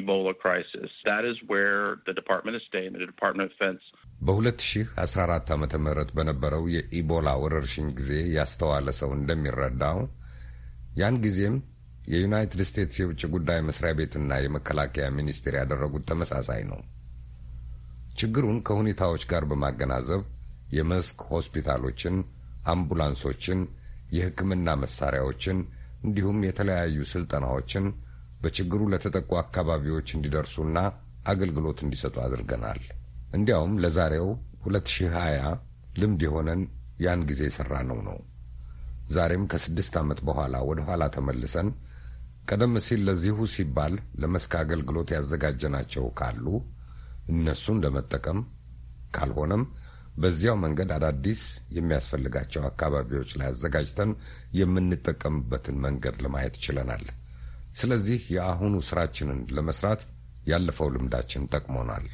ኢቦላ ክራይሲስ ዛት ኢዝ ዌር ዘ ዲፓርትመንት ኦፍ ስቴት ዘ ዲፓርትመንት ኦፍ ዲፌንስ በ2014 ዓ ም በነበረው የኢቦላ ወረርሽኝ ጊዜ ያስተዋለ ሰው እንደሚረዳው ያን ጊዜም የዩናይትድ ስቴትስ የውጭ ጉዳይ መስሪያ ቤትና የመከላከያ ሚኒስቴር ያደረጉት ተመሳሳይ ነው። ችግሩን ከሁኔታዎች ጋር በማገናዘብ የመስክ ሆስፒታሎችን፣ አምቡላንሶችን፣ የሕክምና መሳሪያዎችን እንዲሁም የተለያዩ ስልጠናዎችን በችግሩ ለተጠቁ አካባቢዎች እንዲደርሱና አገልግሎት እንዲሰጡ አድርገናል። እንዲያውም ለዛሬው 2020 ልምድ የሆነን ያን ጊዜ የሠራ ነው ነው ዛሬም ከስድስት ዓመት በኋላ ወደ ኋላ ተመልሰን ቀደም ሲል ለዚሁ ሲባል ለመስክ አገልግሎት ያዘጋጀናቸው ካሉ እነሱን ለመጠቀም ካልሆነም በዚያው መንገድ አዳዲስ የሚያስፈልጋቸው አካባቢዎች ላይ አዘጋጅተን የምንጠቀምበትን መንገድ ለማየት ችለናል። ስለዚህ የአሁኑ ስራችንን ለመስራት ያለፈው ልምዳችን ጠቅሞናል።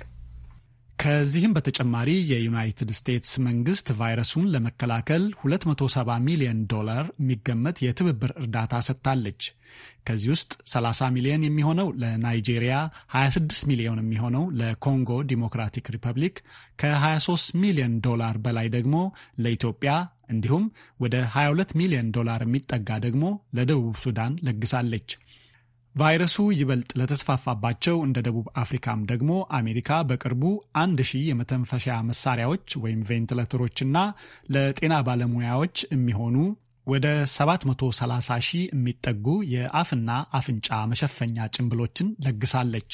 ከዚህም በተጨማሪ የዩናይትድ ስቴትስ መንግስት ቫይረሱን ለመከላከል 270 ሚሊዮን ዶላር የሚገመት የትብብር እርዳታ ሰጥታለች። ከዚህ ውስጥ 30 ሚሊዮን የሚሆነው ለናይጄሪያ፣ 26 ሚሊዮን የሚሆነው ለኮንጎ ዲሞክራቲክ ሪፐብሊክ፣ ከ23 ሚሊዮን ዶላር በላይ ደግሞ ለኢትዮጵያ እንዲሁም ወደ 22 ሚሊዮን ዶላር የሚጠጋ ደግሞ ለደቡብ ሱዳን ለግሳለች። ቫይረሱ ይበልጥ ለተስፋፋባቸው እንደ ደቡብ አፍሪካም ደግሞ አሜሪካ በቅርቡ አንድ ሺህ የመተንፈሻ መሳሪያዎች ወይም ቬንትለተሮችና ለጤና ባለሙያዎች የሚሆኑ ወደ 730 ሺህ የሚጠጉ የአፍና አፍንጫ መሸፈኛ ጭንብሎችን ለግሳለች።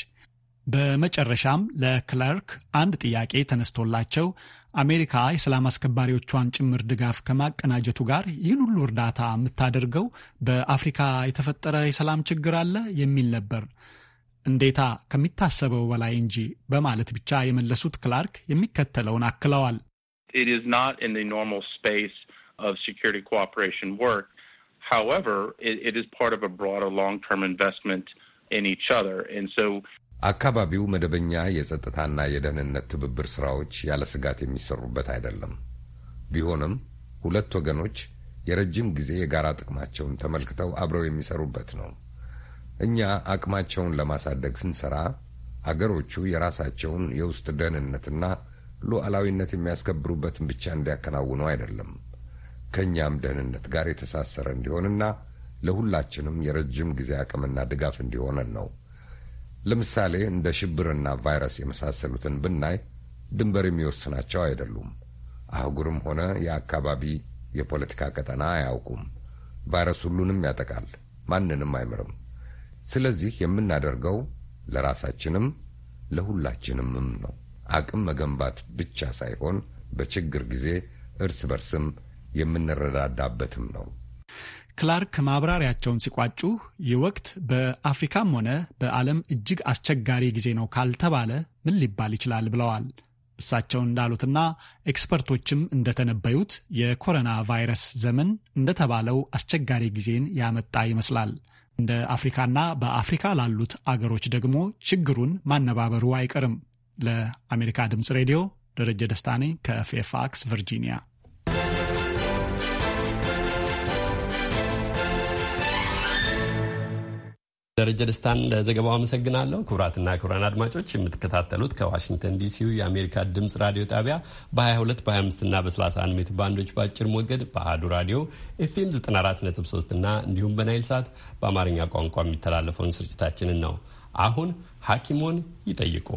በመጨረሻም ለክለርክ አንድ ጥያቄ ተነስቶላቸው አሜሪካ የሰላም አስከባሪዎቿን ጭምር ድጋፍ ከማቀናጀቱ ጋር ይህን ሁሉ እርዳታ የምታደርገው በአፍሪካ የተፈጠረ የሰላም ችግር አለ የሚል ነበር። እንዴታ ከሚታሰበው በላይ እንጂ በማለት ብቻ የመለሱት ክላርክ የሚከተለውን አክለዋል። አካባቢው መደበኛ የጸጥታና የደህንነት ትብብር ስራዎች ያለ ስጋት የሚሰሩበት አይደለም። ቢሆንም ሁለት ወገኖች የረጅም ጊዜ የጋራ ጥቅማቸውን ተመልክተው አብረው የሚሰሩበት ነው። እኛ አቅማቸውን ለማሳደግ ስንሰራ፣ አገሮቹ የራሳቸውን የውስጥ ደህንነትና ሉዓላዊነት የሚያስከብሩበትን ብቻ እንዲያከናውኑ አይደለም ከእኛም ደህንነት ጋር የተሳሰረ እንዲሆንና ለሁላችንም የረጅም ጊዜ አቅምና ድጋፍ እንዲሆነን ነው ለምሳሌ እንደ ሽብርና ቫይረስ የመሳሰሉትን ብናይ ድንበር የሚወስናቸው አይደሉም። አህጉርም ሆነ የአካባቢ የፖለቲካ ቀጠና አያውቁም። ቫይረስ ሁሉንም ያጠቃል፣ ማንንም አይምርም። ስለዚህ የምናደርገው ለራሳችንም ለሁላችንምም ነው። አቅም መገንባት ብቻ ሳይሆን በችግር ጊዜ እርስ በርስም የምንረዳዳበትም ነው። ክላርክ ማብራሪያቸውን ሲቋጩ ይህ ወቅት በአፍሪካም ሆነ በዓለም እጅግ አስቸጋሪ ጊዜ ነው ካልተባለ ምን ሊባል ይችላል ብለዋል። እሳቸው እንዳሉትና ኤክስፐርቶችም እንደተነበዩት የኮሮና ቫይረስ ዘመን እንደተባለው አስቸጋሪ ጊዜን ያመጣ ይመስላል። እንደ አፍሪካና በአፍሪካ ላሉት አገሮች ደግሞ ችግሩን ማነባበሩ አይቀርም። ለአሜሪካ ድምፅ ሬዲዮ ደረጀ ደስታ ነኝ ከፌርፋክስ ቨርጂኒያ። ደረጀ ደስታን ለዘገባው አመሰግናለሁ። ክቡራትና ክቡራን አድማጮች የምትከታተሉት ከዋሽንግተን ዲሲው የአሜሪካ ድምጽ ራዲዮ ጣቢያ በ22 በ25ና በ31 ሜትር ባንዶች በአጭር ሞገድ በአዱ ራዲዮ ኤፍኤም 943 እና እንዲሁም በናይል ሳት በአማርኛ ቋንቋ የሚተላለፈውን ስርጭታችንን ነው። አሁን ሐኪሞን ይጠይቁ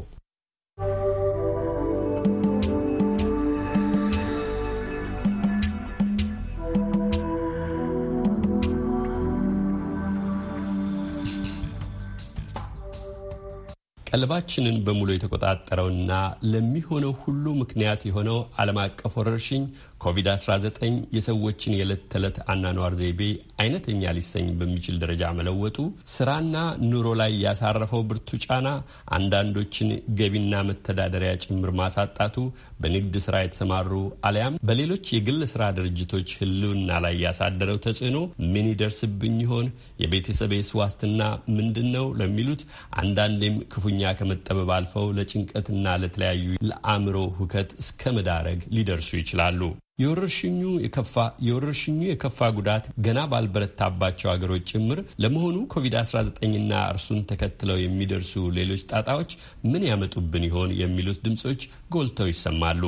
ቀልባችንን በሙሉ የተቆጣጠረውና ለሚሆነው ሁሉ ምክንያት የሆነው ዓለም አቀፍ ወረርሽኝ ኮቪድ-19 የሰዎችን የዕለት ተዕለት አናኗር ዘይቤ አይነተኛ ሊሰኝ በሚችል ደረጃ መለወጡ፣ ስራና ኑሮ ላይ ያሳረፈው ብርቱ ጫና፣ አንዳንዶችን ገቢና መተዳደሪያ ጭምር ማሳጣቱ፣ በንግድ ስራ የተሰማሩ አሊያም በሌሎች የግል ስራ ድርጅቶች ህልውና ላይ ያሳደረው ተጽዕኖ ምን ይደርስብኝ ይሆን? የቤተሰቤስ ዋስትና ምንድን ነው? ለሚሉት አንዳንዴም ክፉኛ ክፉኛ ከመጠበብ አልፈው ለጭንቀትና ለተለያዩ ለአእምሮ ሁከት እስከ መዳረግ ሊደርሱ ይችላሉ። የወረርሽኙ የከፋ የወረርሽኙ የከፋ ጉዳት ገና ባልበረታባቸው አገሮች ጭምር ለመሆኑ ኮቪድ-19ና እርሱን ተከትለው የሚደርሱ ሌሎች ጣጣዎች ምን ያመጡብን ይሆን የሚሉት ድምጾች ጎልተው ይሰማሉ።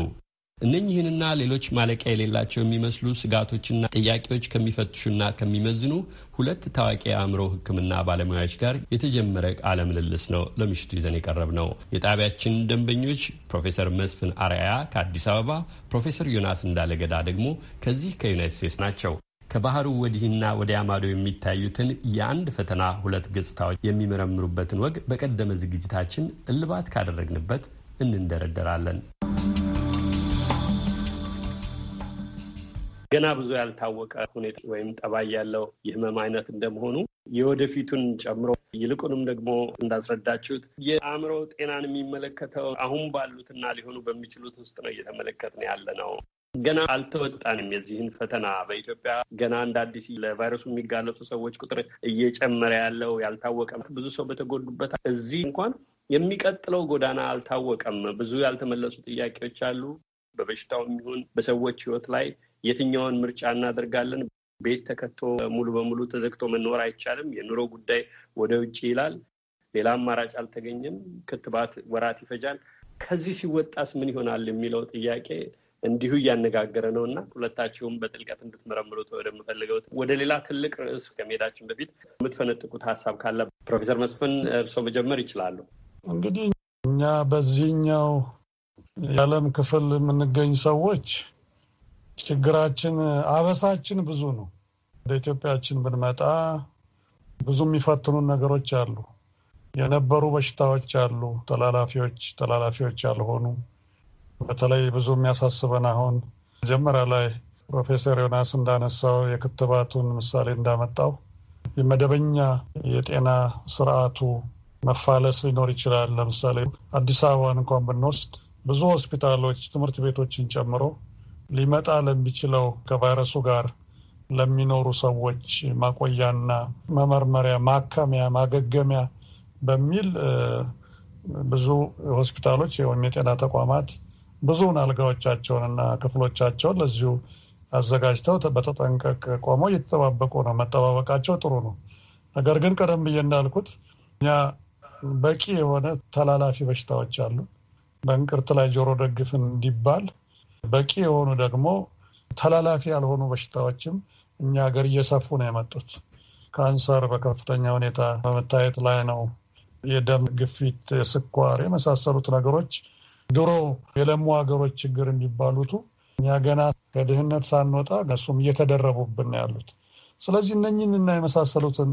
እነኚህንና ሌሎች ማለቂያ የሌላቸው የሚመስሉ ስጋቶችና ጥያቄዎች ከሚፈትሹና ከሚመዝኑ ሁለት ታዋቂ የአእምሮ ሕክምና ባለሙያዎች ጋር የተጀመረ ቃለ ምልልስ ነው ለምሽቱ ይዘን የቀረብ ነው። የጣቢያችን ደንበኞች ፕሮፌሰር መስፍን አርያ ከአዲስ አበባ፣ ፕሮፌሰር ዮናስ እንዳለገዳ ደግሞ ከዚህ ከዩናይት ስቴትስ ናቸው። ከባህሩ ወዲህና ወዲያ ማዶ የሚታዩትን የአንድ ፈተና ሁለት ገጽታዎች የሚመረምሩበትን ወግ በቀደመ ዝግጅታችን እልባት ካደረግንበት እንንደረደራለን። ገና ብዙ ያልታወቀ ሁኔታ ወይም ጠባይ ያለው የህመም አይነት እንደመሆኑ የወደፊቱን ጨምሮ ይልቁንም ደግሞ እንዳስረዳችሁት የአእምሮ ጤናን የሚመለከተው አሁን ባሉትና ሊሆኑ በሚችሉት ውስጥ ነው እየተመለከትን ያለ ነው። ገና አልተወጣንም የዚህን ፈተና። በኢትዮጵያ ገና እንደ አዲስ ለቫይረሱ የሚጋለጡ ሰዎች ቁጥር እየጨመረ ያለው ያልታወቀ ብዙ ሰው በተጎዱበት እዚህ እንኳን የሚቀጥለው ጎዳና አልታወቀም። ብዙ ያልተመለሱ ጥያቄዎች አሉ። በበሽታው የሚሆን በሰዎች ህይወት ላይ የትኛውን ምርጫ እናደርጋለን? ቤት ተከቶ ሙሉ በሙሉ ተዘግቶ መኖር አይቻልም። የኑሮ ጉዳይ ወደ ውጭ ይላል። ሌላ አማራጭ አልተገኘም። ክትባት ወራት ይፈጃል። ከዚህ ሲወጣስ ምን ይሆናል የሚለው ጥያቄ እንዲሁ እያነጋገረ ነው እና ሁለታችሁም በጥልቀት እንድትመረምሩት ወደምፈልገው ወደ ሌላ ትልቅ ርዕስ ከመሄዳችን በፊት የምትፈነጥቁት ሀሳብ ካለ ፕሮፌሰር መስፍን እርስዎ መጀመር ይችላሉ። እንግዲህ እኛ በዚህኛው የዓለም ክፍል የምንገኝ ሰዎች ችግራችን አበሳችን ብዙ ነው። ወደ ኢትዮጵያችን ብንመጣ ብዙ የሚፈትኑን ነገሮች አሉ። የነበሩ በሽታዎች አሉ፣ ተላላፊዎች፣ ተላላፊዎች ያልሆኑ። በተለይ ብዙ የሚያሳስበን አሁን መጀመሪያ ላይ ፕሮፌሰር ዮናስ እንዳነሳው የክትባቱን ምሳሌ እንዳመጣው የመደበኛ የጤና ስርዓቱ መፋለስ ሊኖር ይችላል። ለምሳሌ አዲስ አበባን እንኳን ብንወስድ ብዙ ሆስፒታሎች፣ ትምህርት ቤቶችን ጨምሮ ሊመጣ ለሚችለው ከቫይረሱ ጋር ለሚኖሩ ሰዎች ማቆያና መመርመሪያ፣ ማከሚያ፣ ማገገሚያ በሚል ብዙ ሆስፒታሎች ወይም የጤና ተቋማት ብዙውን አልጋዎቻቸውንና ክፍሎቻቸውን ለዚሁ አዘጋጅተው በተጠንቀቅ ቆመው እየተጠባበቁ ነው። መጠባበቃቸው ጥሩ ነው። ነገር ግን ቀደም ብዬ እንዳልኩት እኛ በቂ የሆነ ተላላፊ በሽታዎች አሉ። በእንቅርት ላይ ጆሮ ደግፍ እንዲባል በቂ የሆኑ ደግሞ ተላላፊ ያልሆኑ በሽታዎችም እኛ ሀገር እየሰፉ ነው የመጡት። ካንሰር በከፍተኛ ሁኔታ በመታየት ላይ ነው። የደም ግፊት፣ ስኳር የመሳሰሉት ነገሮች ድሮ የለሙ ሀገሮች ችግር እንዲባሉቱ እኛ ገና ከድህነት ሳንወጣ እሱም እየተደረቡብን ያሉት። ስለዚህ እነኝህንና የመሳሰሉትን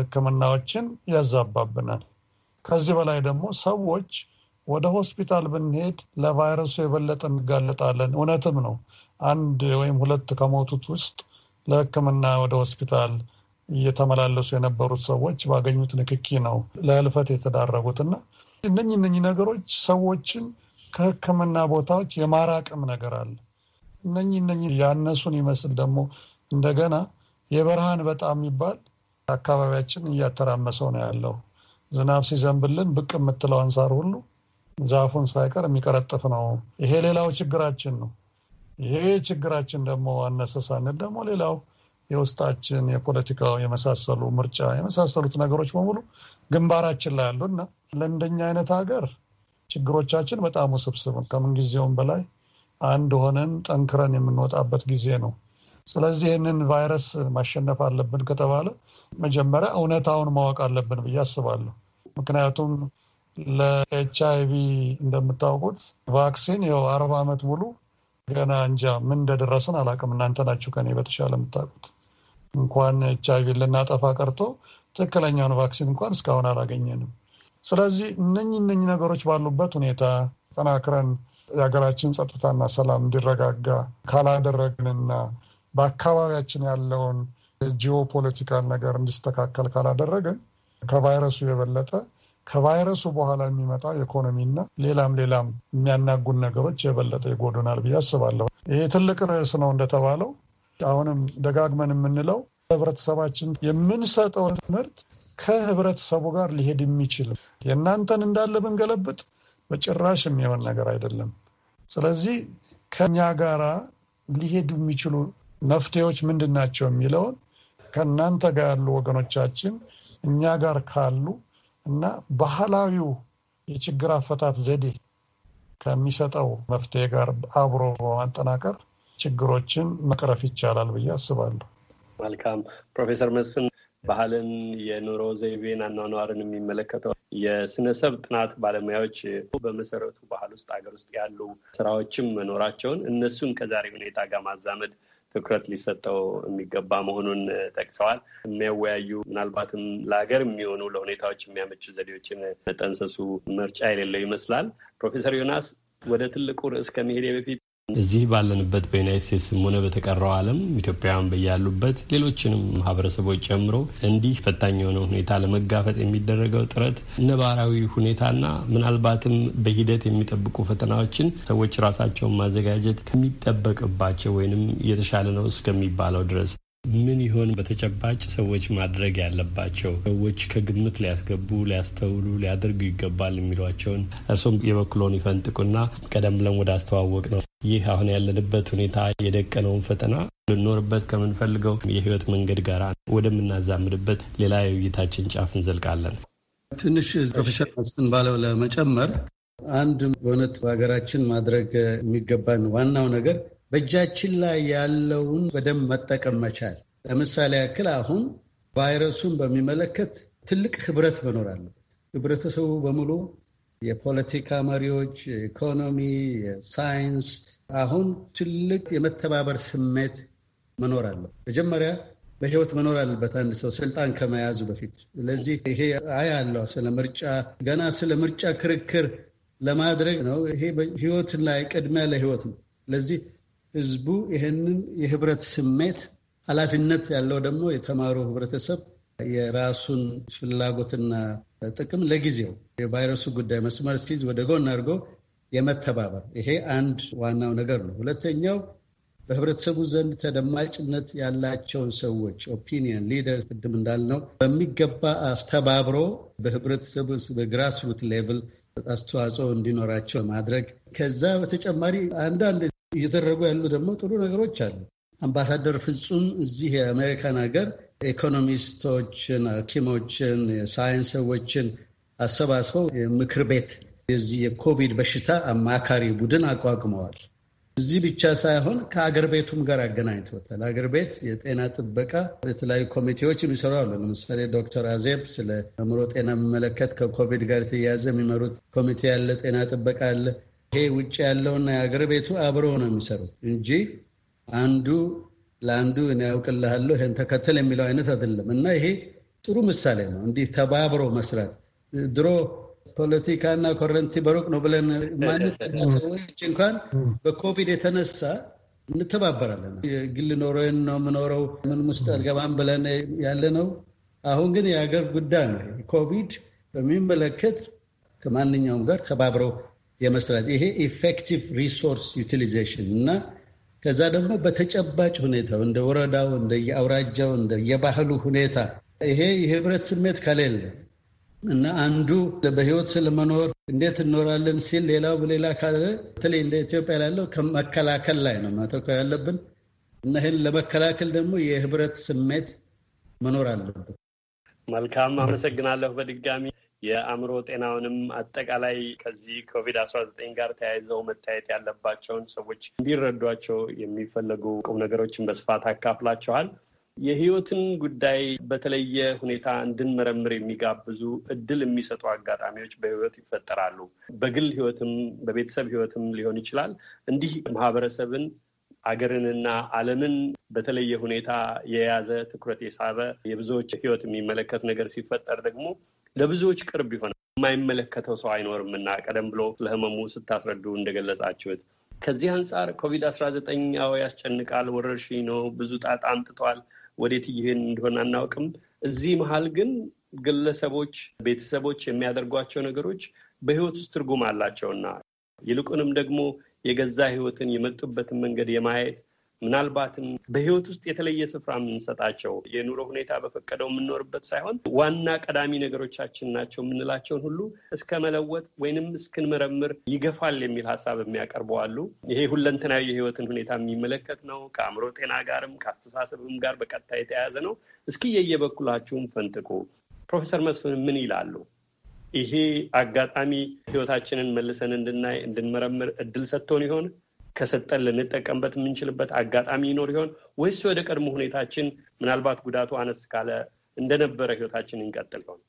ሕክምናዎችን ያዛባብናል። ከዚህ በላይ ደግሞ ሰዎች ወደ ሆስፒታል ብንሄድ ለቫይረሱ የበለጠ እንጋለጣለን። እውነትም ነው። አንድ ወይም ሁለት ከሞቱት ውስጥ ለሕክምና ወደ ሆስፒታል እየተመላለሱ የነበሩት ሰዎች ባገኙት ንክኪ ነው ለህልፈት የተዳረጉት እና እነኝ እነኝ ነገሮች ሰዎችን ከሕክምና ቦታዎች የማራቅም ነገር አለ። እነኝ እነኝ ያነሱን ይመስል ደግሞ እንደገና የበረሃን በጣም የሚባል አካባቢያችን እያተራመሰው ነው ያለው። ዝናብ ሲዘንብልን ብቅ የምትለው አንሳር ሁሉ ዛፉን ሳይቀር የሚቀረጥፍ ነው። ይሄ ሌላው ችግራችን ነው። ይሄ ችግራችን ደግሞ አነሰሳነት ደግሞ ሌላው የውስጣችን የፖለቲካው የመሳሰሉ ምርጫ የመሳሰሉት ነገሮች በሙሉ ግንባራችን ላይ እና ለእንደኛ አይነት ሀገር ችግሮቻችን በጣም ውስብስብ ከምንጊዜውም በላይ አንድ ሆነን ጠንክረን የምንወጣበት ጊዜ ነው። ስለዚህ ይህንን ቫይረስ ማሸነፍ አለብን ከተባለ መጀመሪያ እውነታውን ማወቅ አለብን ብዬ አስባለሁ። ምክንያቱም ለኤች አይ ቪ እንደምታውቁት ቫክሲን ይኸው አርባ ዓመት ሙሉ ገና እንጃ ምን እንደደረስን አላውቅም። እናንተ ናችሁ ከኔ በተሻለ የምታውቁት። እንኳን ኤች አይ ቪ ልናጠፋ ቀርቶ ትክክለኛውን ቫክሲን እንኳን እስካሁን አላገኘንም። ስለዚህ እነኚህ እነኝ ነገሮች ባሉበት ሁኔታ ጠናክረን የሀገራችን ጸጥታና ሰላም እንዲረጋጋ ካላደረግንና በአካባቢያችን ያለውን ጂኦፖለቲካል ነገር እንዲስተካከል ካላደረግን ከቫይረሱ የበለጠ ከቫይረሱ በኋላ የሚመጣው ኢኮኖሚና ሌላም ሌላም የሚያናጉን ነገሮች የበለጠ ይጎዱናል ብዬ አስባለሁ። ይህ ትልቅ ርዕስ ነው እንደተባለው አሁንም ደጋግመን የምንለው ህብረተሰባችን የምንሰጠው ትምህርት ከህብረተሰቡ ጋር ሊሄድ የሚችል የእናንተን እንዳለ ብንገለብጥ በጭራሽ የሚሆን ነገር አይደለም። ስለዚህ ከኛ ጋራ ሊሄዱ የሚችሉ መፍትሄዎች ምንድን ናቸው የሚለውን ከእናንተ ጋር ያሉ ወገኖቻችን እኛ ጋር ካሉ እና ባህላዊው የችግር አፈታት ዘዴ ከሚሰጠው መፍትሄ ጋር አብሮ በማጠናቀር ችግሮችን መቅረፍ ይቻላል ብዬ አስባለሁ። መልካም ፕሮፌሰር መስፍን ባህልን፣ የኑሮ ዘይቤን፣ አኗኗርን የሚመለከተው የስነሰብ ጥናት ባለሙያዎች በመሰረቱ ባህል ውስጥ ሀገር ውስጥ ያሉ ስራዎችም መኖራቸውን እነሱን ከዛሬ ሁኔታ ጋር ማዛመድ ትኩረት ሊሰጠው የሚገባ መሆኑን ጠቅሰዋል። የሚያወያዩ ምናልባትም ለሀገር የሚሆኑ ለሁኔታዎች የሚያመቹ ዘዴዎችን መጠንሰሱ ምርጫ የሌለው ይመስላል። ፕሮፌሰር ዮናስ ወደ ትልቁ ርዕስ ከመሄድ በፊት እዚህ ባለንበት በዩናይት ስቴትስም ሆነ በተቀረው ዓለም ኢትዮጵያውያን በያሉበት ሌሎችንም ማህበረሰቦች ጨምሮ እንዲህ ፈታኝ የሆነ ሁኔታ ለመጋፈጥ የሚደረገው ጥረት ነባራዊ ሁኔታና ምናልባትም በሂደት የሚጠብቁ ፈተናዎችን ሰዎች ራሳቸውን ማዘጋጀት ከሚጠበቅባቸው ወይንም የተሻለ ነው እስከሚባለው ድረስ ምን ይሆን በተጨባጭ ሰዎች ማድረግ ያለባቸው? ሰዎች ከግምት ሊያስገቡ ሊያስተውሉ፣ ሊያደርጉ ይገባል የሚሏቸውን እርሱም የበኩሎን ይፈንጥቁና ቀደም ብለን ወደ አስተዋወቅ ነው ይህ አሁን ያለንበት ሁኔታ የደቀነውን ፈተና ልኖርበት ከምንፈልገው የህይወት መንገድ ጋር ወደምናዛምድበት ሌላ የውይይታችን ጫፍ እንዘልቃለን። ትንሽ ፕሮፌሰር መስፍን ባለው ለመጨመር አንድ በእውነት በሀገራችን ማድረግ የሚገባን ዋናው ነገር በእጃችን ላይ ያለውን በደንብ መጠቀም መቻል። ለምሳሌ ያክል አሁን ቫይረሱን በሚመለከት ትልቅ ህብረት መኖር አለበት። ህብረተሰቡ በሙሉ የፖለቲካ መሪዎች፣ የኢኮኖሚ፣ የሳይንስ አሁን ትልቅ የመተባበር ስሜት መኖር አለው። መጀመሪያ በህይወት መኖር አለበት አንድ ሰው ስልጣን ከመያዙ በፊት። ስለዚህ ይሄ አይ አለው ስለ ምርጫ ገና ስለ ምርጫ ክርክር ለማድረግ ነው። ይሄ ህይወትን ላይ ቅድሚያ ለህይወት ነው። ስለዚህ ህዝቡ ይህንን የህብረት ስሜት ኃላፊነት ያለው ደግሞ የተማሩ ህብረተሰብ የራሱን ፍላጎትና ጥቅም ለጊዜው የቫይረሱ ጉዳይ መስመር እስኪዝ ወደ ጎን አድርጎ የመተባበር ይሄ አንድ ዋናው ነገር ነው። ሁለተኛው በህብረተሰቡ ዘንድ ተደማጭነት ያላቸውን ሰዎች ኦፒኒየን ሊደር ቅድም እንዳልነው በሚገባ አስተባብሮ በህብረተሰቡ በግራስሩት ሌቭል አስተዋጽኦ እንዲኖራቸው ማድረግ ከዛ በተጨማሪ አንዳንድ እየተደረጉ ያሉ ደግሞ ጥሩ ነገሮች አሉ። አምባሳደር ፍጹም እዚህ የአሜሪካን ሀገር ኢኮኖሚስቶችን፣ ሐኪሞችን፣ የሳይንስ ሰዎችን አሰባስበው የምክር ቤት የዚህ የኮቪድ በሽታ አማካሪ ቡድን አቋቁመዋል። እዚህ ብቻ ሳይሆን ከአገር ቤቱም ጋር አገናኝቶታል። አገር ቤት የጤና ጥበቃ የተለያዩ ኮሚቴዎች የሚሰሩ አሉ። ለምሳሌ ዶክተር አዜብ ስለ አእምሮ ጤና የሚመለከት ከኮቪድ ጋር የተያያዘ የሚመሩት ኮሚቴ ያለ ጤና ጥበቃ አለ። ይሄ ውጭ ያለውና የአገር ቤቱ አብረው ነው የሚሰሩት እንጂ አንዱ ለአንዱ እኔ ያውቅልሃለሁ ይህን ተከተል የሚለው አይነት አይደለም። እና ይሄ ጥሩ ምሳሌ ነው፣ እንዲህ ተባብሮ መስራት። ድሮ ፖለቲካና ኮረንቲ በሩቅ ነው ብለን ማንጠጋ ሰዎች እንኳን በኮቪድ የተነሳ እንተባበራለን። የግል ኖሮን ነው የምኖረው ምን ውስጥ አልገባም ብለን ያለ ነው። አሁን ግን የሀገር ጉዳይ ነው። ኮቪድ በሚመለከት ከማንኛውም ጋር ተባብረው የመስራት ይሄ ኢፌክቲቭ ሪሶርስ ዩቲሊዜሽን እና ከዛ ደግሞ በተጨባጭ ሁኔታው እንደ ወረዳው፣ እንደ የአውራጃው፣ እንደ የባህሉ ሁኔታ ይሄ የህብረት ስሜት ከሌለ እና አንዱ በህይወት ስለመኖር እንዴት እንኖራለን ሲል ሌላው በሌላ ካለ በተለይ እንደ ኢትዮጵያ ላለው ከመከላከል ላይ ነው ማተኮር ያለብን እና ይህን ለመከላከል ደግሞ የህብረት ስሜት መኖር አለበት። መልካም አመሰግናለሁ በድጋሚ የአእምሮ ጤናውንም አጠቃላይ ከዚህ ኮቪድ አስራ ዘጠኝ ጋር ተያይዘው መታየት ያለባቸውን ሰዎች እንዲረዷቸው የሚፈለጉ ቁም ነገሮችን በስፋት አካፍላችኋል። የህይወትን ጉዳይ በተለየ ሁኔታ እንድንመረምር የሚጋብዙ እድል የሚሰጡ አጋጣሚዎች በህይወት ይፈጠራሉ። በግል ህይወትም በቤተሰብ ህይወትም ሊሆን ይችላል። እንዲህ ማህበረሰብን አገርንና ዓለምን በተለየ ሁኔታ የያዘ ትኩረት የሳበ የብዙዎች ህይወት የሚመለከት ነገር ሲፈጠር ደግሞ ለብዙዎች ቅርብ ይሆናል። የማይመለከተው ሰው አይኖርም እና ቀደም ብሎ ለህመሙ ስታስረዱ እንደገለጻችሁት ከዚህ አንጻር ኮቪድ አስራ ዘጠኝ ያስጨንቃል፣ ወረርሽኝ ነው፣ ብዙ ጣጣ አምጥቷል። ወዴት ይህን እንደሆነ አናውቅም። እዚህ መሀል ግን ግለሰቦች፣ ቤተሰቦች የሚያደርጓቸው ነገሮች በህይወት ውስጥ ትርጉም አላቸውና ይልቁንም ደግሞ የገዛ ህይወትን የመጡበትን መንገድ የማየት ምናልባትም በህይወት ውስጥ የተለየ ስፍራ የምንሰጣቸው የኑሮ ሁኔታ በፈቀደው የምንኖርበት ሳይሆን ዋና ቀዳሚ ነገሮቻችን ናቸው የምንላቸውን ሁሉ እስከ መለወጥ ወይንም እስክንመረምር ይገፋል የሚል ሀሳብ የሚያቀርበዋሉ። ይሄ ሁለንተናዊ የህይወትን ሁኔታ የሚመለከት ነው። ከአእምሮ ጤና ጋርም ከአስተሳሰብም ጋር በቀጥታ የተያያዘ ነው። እስኪ የየበኩላችሁም ፈንጥቁ። ፕሮፌሰር መስፍን ምን ይላሉ? ይሄ አጋጣሚ ህይወታችንን መልሰን እንድናይ እንድንመረምር እድል ሰጥቶን ይሆን? ከሰጠን ልንጠቀምበት የምንችልበት አጋጣሚ ይኖር ይሆን ወይስ ወደ ቀድሞ ሁኔታችን ምናልባት ጉዳቱ አነስ ካለ እንደነበረ ህይወታችን እንቀጥል ይሆን?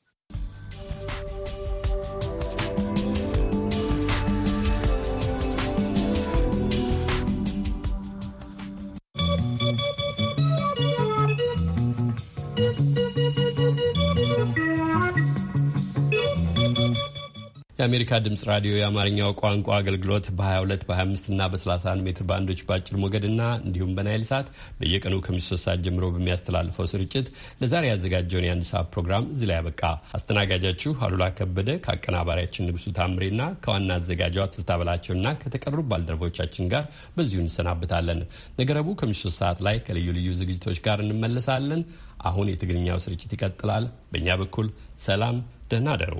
የአሜሪካ ድምፅ ራዲዮ የአማርኛው ቋንቋ አገልግሎት በ22 በ25 እና በ31 ሜትር ባንዶች በአጭር ሞገድና እንዲሁም በናይል ሳት በየቀኑ ከምሽቱ ሶስት ሰዓት ጀምሮ በሚያስተላልፈው ስርጭት ለዛሬ ያዘጋጀውን የአንድ ሰዓት ፕሮግራም እዚህ ላይ ያበቃ። አስተናጋጃችሁ አሉላ ከበደ ከአቀናባሪያችን ንጉሱ ታምሬና ከዋና አዘጋጇ ትዝታ በላቸውና ከተቀሩ ባልደረቦቻችን ጋር በዚሁ እንሰናብታለን። ነገ ረቡዕ ከምሽቱ ሶስት ሰዓት ላይ ከልዩ ልዩ ዝግጅቶች ጋር እንመለሳለን። አሁን የትግርኛው ስርጭት ይቀጥላል። በእኛ በኩል ሰላም፣ ደህና አደሩ።